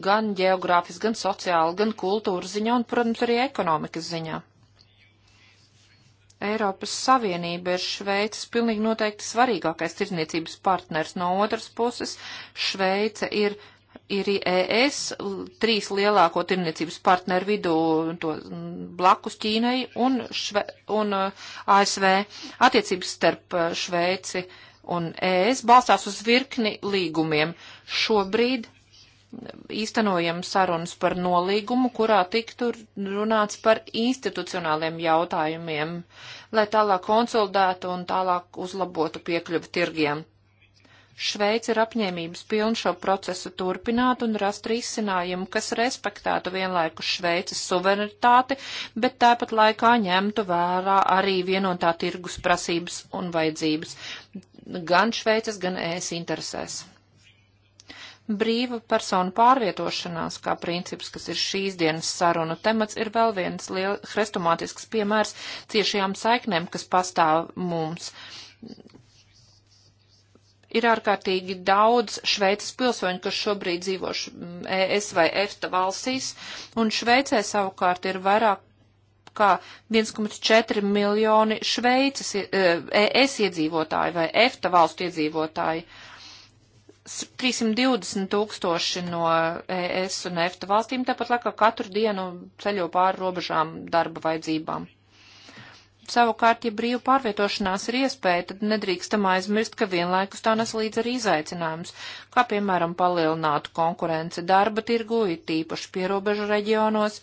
gan geogrāfis, gan sociāli, gan kultūras ziņā un, protams, arī ekonomikas ziņā. Eiropas Savienība ir Šveices pilnīgi noteikti svarīgākais tirzniecības partners. No otras puses, Šveice ir ir ES trīs lielāko tirniecības partneru vidū, to mm, blakus Ķīnai un, šve, un uh, ASV. Attiecības starp uh, Šveici un ES e balstās uz virkni līgumiem. Šobrīd īstenojam sarunas par nolīgumu, kurā tiktu runāts par institucionāliem jautājumiem, lai tālāk konsolidētu un tālāk uzlabotu piekļuvu tirgiem. Šveica ir apņēmības pilna šo procesu turpināt un rast risinājumu, kas respektētu vienlaikus Šveicas suverenitāti, bet tāpat laikā ņemtu vērā arī vienotā tirgus prasības un vajadzības gan Šveicas, gan ES interesēs. Brīva persona pārvietošanās, kā princips, kas ir šīs dienas sarunu temats, ir vēl viens liel, hrestomātisks piemērs ciešajām saiknēm, kas pastāv mums. Ir ārkārtīgi daudz Šveices pilsoņu, kas šobrīd dzīvo ES vai EFTA valstīs, un Šveicē savukārt ir vairāk kā 1,4 miljoni Šveices ES e iedzīvotāji vai EFTA valstu iedzīvotāji. Uh, 320 tūkstoši no ES un EFTA valstīm, tāpat laikā katru dienu ceļo pāri robežām darba vajadzībām. Savukārt, ja brīva pārvietošanās ir iespēja, tad nedrīkstam aizmirst, ka vienlaikus tā nes līdz arī izaicinājums, kā piemēram palielinātu konkurenci darba tirgu, it īpaši pierobežu reģionos,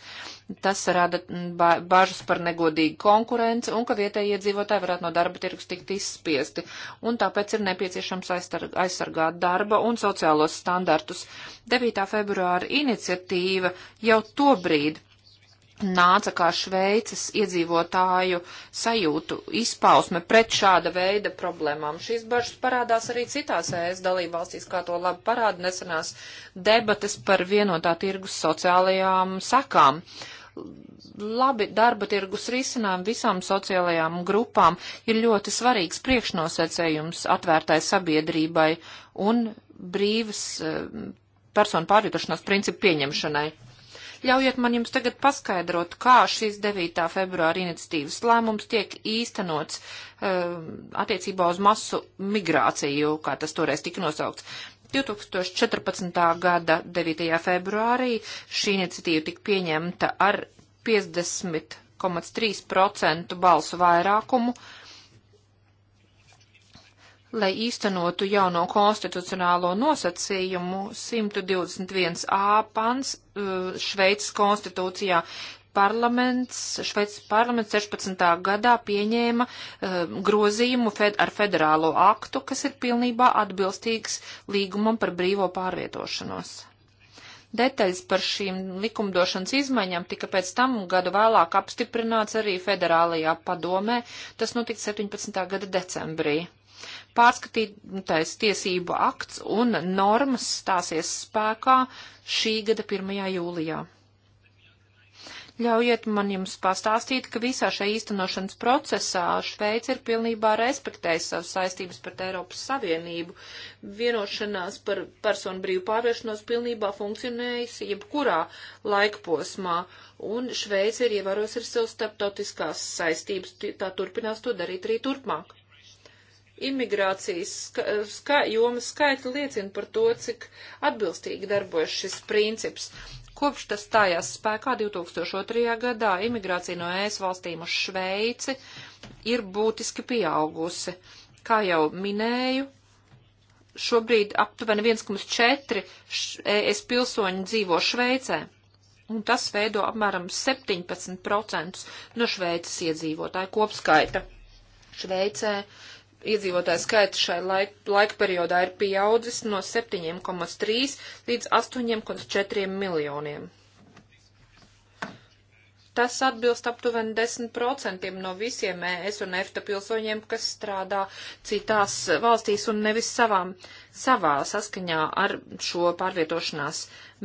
Tas rada mm, ba bažas par negodīgu konkurenci un ka vietējie iedzīvotāji varētu no darba tirgus tikt izspiesti. Un tāpēc ir nepieciešams aizsargāt darba un sociālos standartus. 9. februāra iniciatīva jau tobrīd nāca kā Šveices iedzīvotāju sajūtu izpausme pret šāda veida problēmām. Šīs bažas parādās arī citās ES dalībvalstīs, kā to labi parāda nesenās debates par vienotā tirgus sociālajām sakām. Uh, labi darba tirgus risinājumi visām sociālajām grupām ir ļoti svarīgs priekšnosacējums atvērtai sabiedrībai un brīvas eh, personu pārvietošanās principu pieņemšanai. Ļaujiet man jums tagad paskaidrot, kā šīs 9. februāra iniciatīvas lēmums tiek īstenots uh, attiecībā uz masu migrāciju, kā tas toreiz tika nosaukts. 2014. gada 9. februārī šī iniciatīva tika pieņemta ar 50,3% balsu vairākumu, lai īstenotu jauno konstitucionālo nosacījumu 121a pants uh, Šveicas konstitūcijā parlaments, Šveices parlaments 16. gadā pieņēma uh, grozījumu fed, ar federālo aktu, kas ir pilnībā atbilstīgs līgumam par brīvo pārvietošanos. Detaļas par šīm likumdošanas izmaiņām tika pēc tam gadu vēlāk apstiprināts arī federālajā padomē, tas notika 17. gada decembrī. Pārskatītais tiesību akts un normas stāsies spēkā šī gada 1. jūlijā. Ļaujiet man jums pastāstīt, ka visā šajā īstenošanas procesā Šveica ir pilnībā respektējusi savas saistības pret Eiropas Savienību. Vienošanās par personu brīvu pārvēršanos pilnībā funkcionējusi jebkurā laikposmā, un Šveica ir ievērojusi ar sev starptautiskās saistības, tā turpinās to darīt arī turpmāk. Imigrācijas ska, ska, jomas skaita liecina par to, cik atbilstīgi darbojas šis princips. Kopš tas stājās spēkā 2002. gadā, imigrācija no ES valstīm uz Šveici ir būtiski pieaugusi. Kā jau minēju, šobrīd aptuveni 1,4 ES pilsoņi dzīvo Šveicē, un tas veido apmēram 17% no Šveices iedzīvotāju kopskaita. Šveicē iedzīvotāju skaits šai laik, laika periodā ir pieaudzis no 7,3 līdz 8,4 miljoniem. Tas atbilst aptuveni 10% no visiem ES un EFTA pilsoņiem, kas strādā citās valstīs un nevis savām, savā saskaņā ar šo pārvietošanās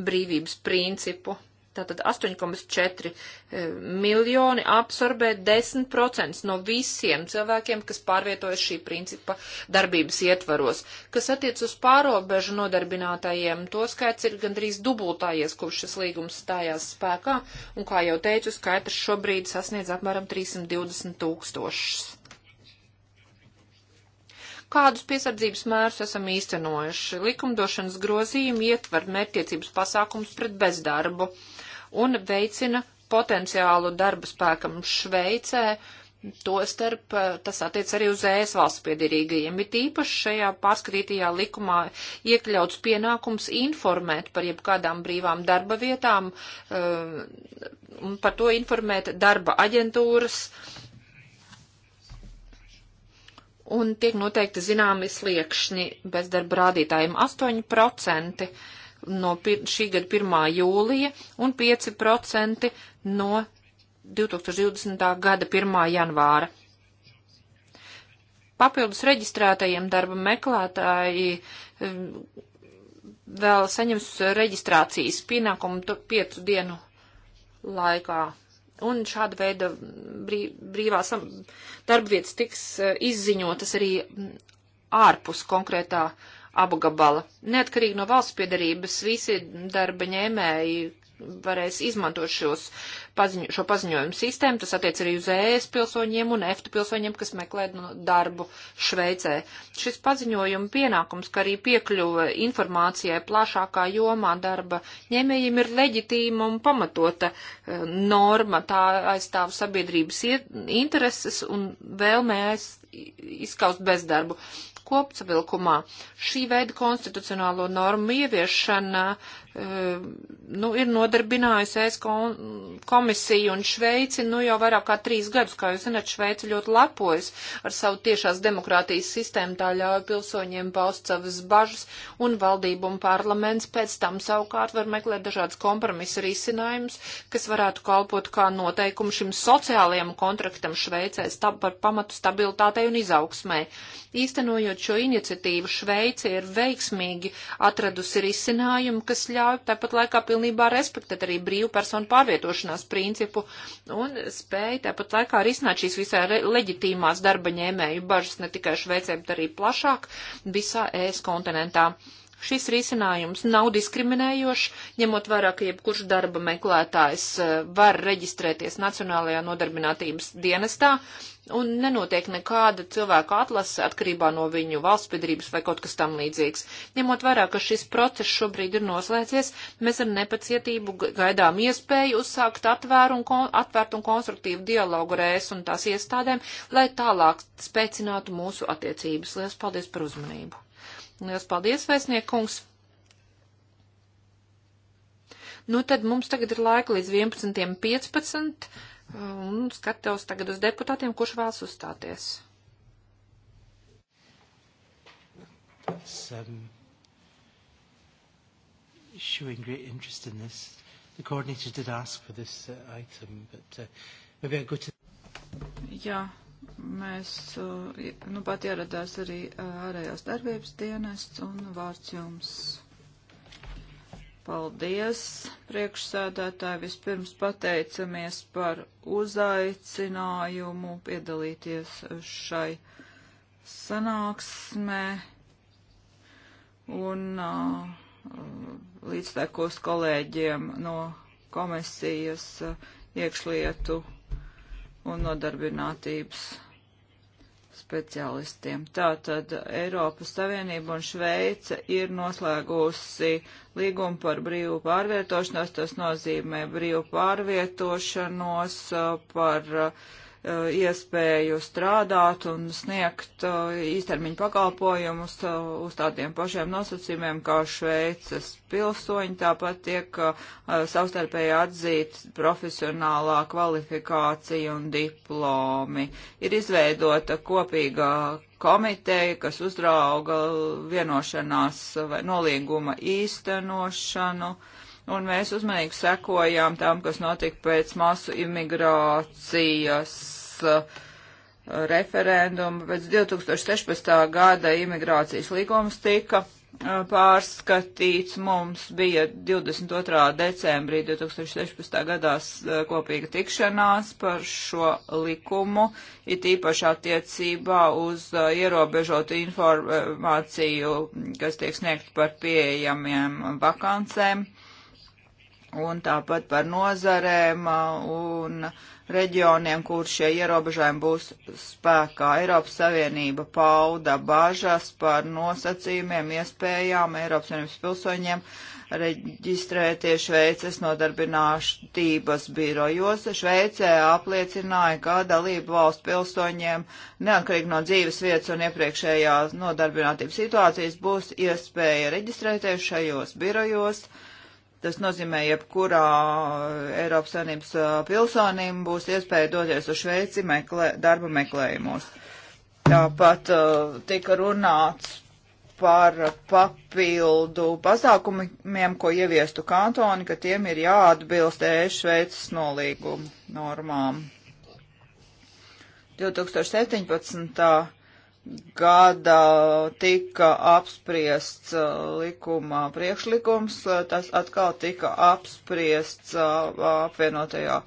brīvības principu. Tātad 8,4 eh, miljoni absorbē 10% no visiem cilvēkiem, kas pārvietojas šī principa darbības ietvaros. Kas attiec uz pārobežu nodarbinātajiem, to skaits ir gandrīz dubultājies, kopš šis līgums stājās spēkā, un, kā jau teicu, skaitrs šobrīd sasniedz apmēram 320 tūkstošus. Kādus piesardzības mērus esam īstenojuši? Likumdošanas grozījumi ietver mērķtiecības pasākums pret bezdarbu. Uh, un veicina potenciālu darba spēkam Šveicē, Tostarp eh, tas attiec arī uz ES valsts piedarīgajiem, bet īpaši šajā pārskatītajā likumā iekļauts pienākums informēt par jebkādām brīvām darba vietām eh, un par to informēt darba aģentūras. Un tiek noteikti zināmi sliekšņi bezdarba rādītājiem 8% no šī gada 1. jūlija un 5% no 2020. gada 1. janvāra. Papildus reģistrētajiem darba meklētāji um, vēl saņems reģistrācijas pienākumu piecu dienu laikā. Un šāda veida brīvā darba vietas tiks uh, izziņotas arī mm, ārpus konkrētā apgabala. Neatkarīgi no valsts piedarības visi darba ņēmēji varēs izmantot šos paziņo, šo paziņojumu sistēmu. Tas attiec arī uz ES pilsoņiem un EFTA pilsoņiem, kas meklē no nu, darbu Šveicē. Šis paziņojuma pienākums, ka arī piekļuva informācijai plašākā jomā darba ņēmējiem ir leģitīma un pamatota eh, norma. Tā aizstāv sabiedrības intereses un vēlmē aiz, izskaust bezdarbu kopsavilkumā šī veida konstitucionālo normu ieviešana eh, nu, ir nodarbinājusi es komisiju un Šveici, nu jau vairāk kā trīs gadus, kā jūs zināt, Šveici ļoti lepojas ar savu tiešās demokrātijas sistēmu, tā ļauj pilsoņiem paust savas bažas, un valdība un parlaments pēc tam savukārt var meklēt dažādas kompromisa risinājumus, kas varētu kalpot kā noteikumu šim sociālajam kontraktam Šveicē, stab par pamatu stabilitātei un izaugsmai. Īstenojot īstenojot šo iniciatīvu, Šveice ir veiksmīgi atradusi risinājumu, kas ļauj tāpat laikā pilnībā respektēt arī brīvu personu pārvietošanās principu un spēja tāpat laikā risināt šīs visai leģitīmās darba ņēmēju bažas ne tikai Šveicē, bet arī plašāk visā ES kontinentā. Šis risinājums nav diskriminējošs, ņemot vērā, ka jebkurš darba meklētājs eh, var reģistrēties Nacionālajā nodarbinātības dienestā un nenotiek nekāda cilvēka atlase atkarībā no viņu valstspiedrības vai kaut kas tam līdzīgs. Ņemot vērā, ka šis process šobrīd ir noslēdzies, mēs ar nepacietību gaidām iespēju uzsākt atvēru un kon, atvērt un konstruktīvu dialogu ar ES un tās iestādēm, lai tālāk spēcinātu mūsu attiecības. Lielas paldies par uzmanību! Lielas paldies, vēstnieku kungs! Nu, tad mums tagad ir laika līdz 11.15, un skatos tagad uz deputātiem, kurš vēlas uzstāties. Um, showing great interest in this. The coordinators did ask for this uh, item, but uh, maybe I go to. Yeah. Mēs uh, nu pat ieradās arī uh, ārējās darbības dienests un vārds jums. Paldies, priekšsēdētāji. Vispirms pateicamies par uzaicinājumu piedalīties šai sanāksmē. Un uh, līdztekos kolēģiem no komisijas iekšlietu un nodarbinātības speciālistiem. Tātad Eiropas Savienība un Šveica ir noslēgusi līgumu par brīvu pārvietošanos, tas nozīmē brīvu pārvietošanos uh, par uh, Eh, iespēju strādāt un sniegt eh, īstermiņu pakalpojumus eh, uz tādiem pašiem nosacījumiem kā Šveices pilsoņi. Tāpat tiek savstarpēji atzīt profesionālā kvalifikācija un diplomi. Ir izveidota kopīga komiteja, kas uzrauga vienošanās vai nolīguma īstenošanu un mēs uzmanīgi sekojām tam, kas notika pēc masu imigrācijas Uh, referendumu. Pēc 2016. gada imigrācijas līgums tika uh, pārskatīts. Mums bija 22. decembrī 2016. gadās uh, kopīga tikšanās par šo likumu, it īpaši attiecībā uz ierobežotu informāciju, kas tiek sniegt par pieejamiem vakancēm un tāpat par nozarēm uh, un reģioniem, kur šie ierobežojumi būs spēkā. Eiropas Savienība pauda bažas par nosacījumiem, iespējām Eiropas Savienības pilsoņiem reģistrēties Šveices nodarbinātības birojos. Šveicē apliecināja, ka dalību valstu pilsoņiem, neatkarīgi no dzīves vietas un iepriekšējās nodarbinātības situācijas, būs iespēja reģistrēties šajos birojos. Uh, Tas nozīmē, jebkurā eh, Eiropas Savienības eh, pilsonim būs iespēja doties uz Šveici meklē, darba meklējumos. Tāpat uh, tika runāts par papildu pasākumiem, ko ieviestu kantoni, ka tiem ir jāatbilst ēst Šveices nolīgumu normām. 2017 gada tika apspriests uh, likumā priekšlikums, uh, tas atkal tika apspriests uh, apvienotajā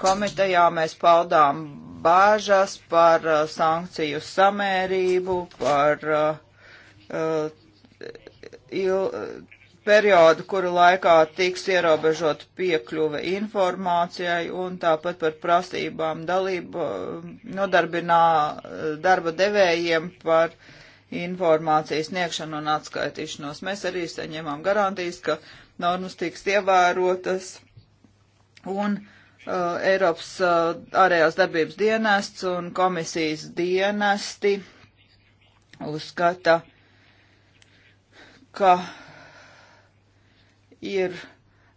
komitejā. Mēs paudām bāžas par sankciju samērību, par il, periodu, kuru laikā tiks ierobežot piekļuve informācijai un tāpat par prasībām dalību nodarbinā darba devējiem par informācijas sniegšanu un atskaitīšanos. Mēs arī saņemam garantijas, ka normas tiks ievērotas un uh, Eiropas uh, ārējās darbības dienests un komisijas dienesti uzskata, ka ir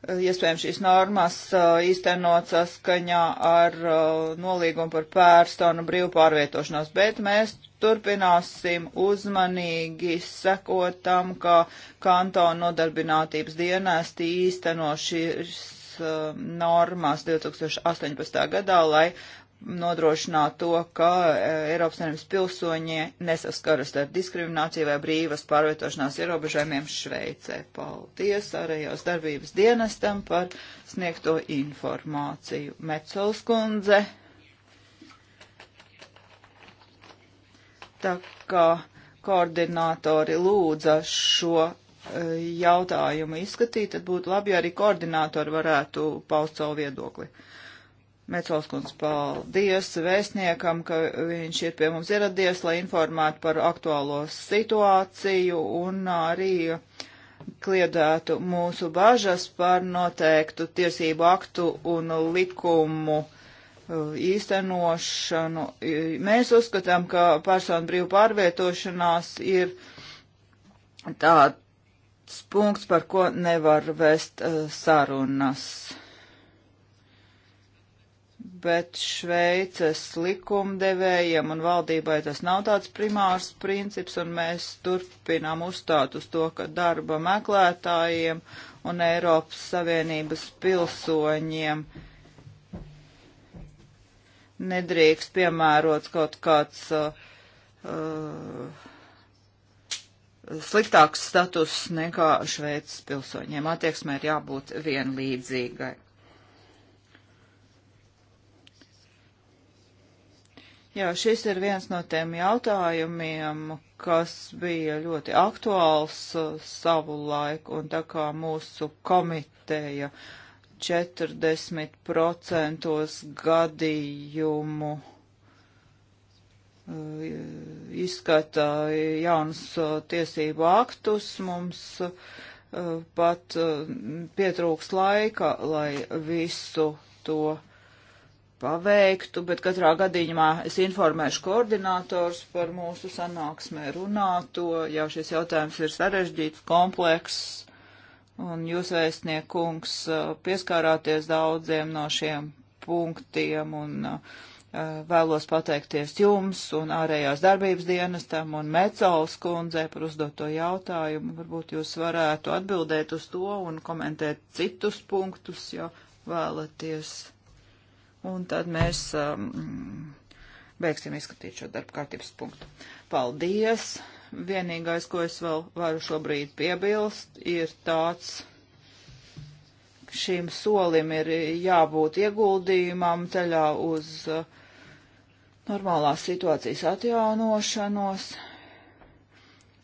eh, iespējams šīs normas eh, īstenot saskaņā ar eh, nolīgumu par personu brīvu pārvietošanos, bet mēs turpināsim uzmanīgi sekot tam, ka kantona nodarbinātības dienesti īsteno šīs normas 2018. gadā, lai nodrošināt to, ka e, Eiropas Savienības pilsoņi nesaskaras ar diskrimināciju vai brīvas pārvietošanās ierobežojumiem Šveicē. Paldies ārējās darbības dienestam par sniegto informāciju. Mecols kundze. Tā kā koordinātori lūdza šo e, jautājumu izskatīt, tad būtu labi, ja arī koordinātori varētu paust savu viedokli. Mecelskundz, paldies vēstniekam, ka viņš ir pie mums ieradies, lai informētu par aktuālo situāciju un arī kliedētu mūsu bažas par noteiktu tiesību aktu un likumu uh, īstenošanu. Mēs uzskatām, ka personu brīvu pārvietošanās ir tāds punkts, par ko nevar vest uh, sarunas bet Šveices likumdevējiem un valdībai tas nav tāds primārs princips, un mēs turpinām uzstāt uz to, ka darba meklētājiem un Eiropas Savienības pilsoņiem nedrīkst piemērots kaut kāds uh, uh, sliktāks status nekā Šveices pilsoņiem. Attieksmē ir jābūt vienlīdzīgai. Jā, šis ir viens no tiem jautājumiem, kas bija ļoti aktuāls uh, savu laiku, un tā kā mūsu komiteja 40% gadījumu uh, izskata jaunus uh, tiesību aktus, mums pat pietrūks laika, lai visu to paveiktu, bet katrā gadījumā es informēšu koordinātors par mūsu sanāksmē runāto, jau šis jautājums ir sarežģīts, komplekss, un jūs vēstniekungs eh, pieskārāties daudziem no šiem punktiem, un eh, vēlos pateikties jums un ārējās darbības dienestam un Mecals kundzei par uzdoto jautājumu. Varbūt jūs varētu atbildēt uz to un komentēt citus punktus, ja vēlaties un tad mēs um, beigsim izskatīt šo darba kārtības punktu. Paldies! Vienīgais, ko es vēl varu šobrīd piebilst, ir tāds, šīm solim ir jābūt ieguldījumam ceļā uz uh, normālās situācijas atjaunošanos.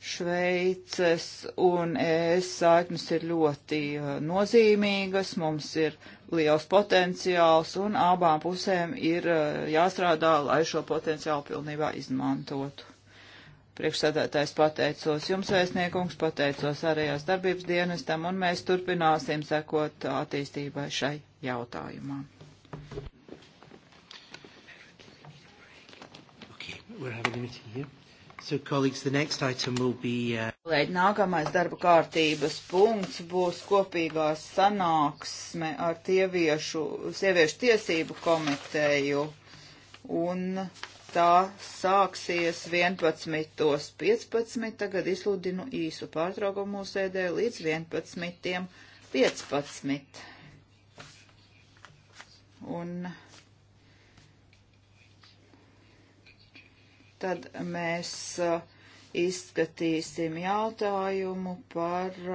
Šveices un ES saiknes ir ļoti uh, nozīmīgas, mums ir liels potenciāls un abām pusēm ir uh, jāstrādā, lai šo potenciālu pilnībā izmantotu. Priekšsēdētājs pateicos jums, vēstniekums, pateicos arējās darbības dienestam un mēs turpināsim sekot attīstībai šai jautājumā. Okay, we're having a meeting here. So, colleagues, the next item will be... Uh... Kolēģi, nākamais darba kārtības punkts būs kopīgā sanāksme ar tieviešu, sieviešu tiesību komiteju, un tā sāksies 11.15. Tagad izsludinu īsu pārtraukumu mūsu sēdē līdz 11.15. Un Tad mēs uh, izskatīsim jautājumu par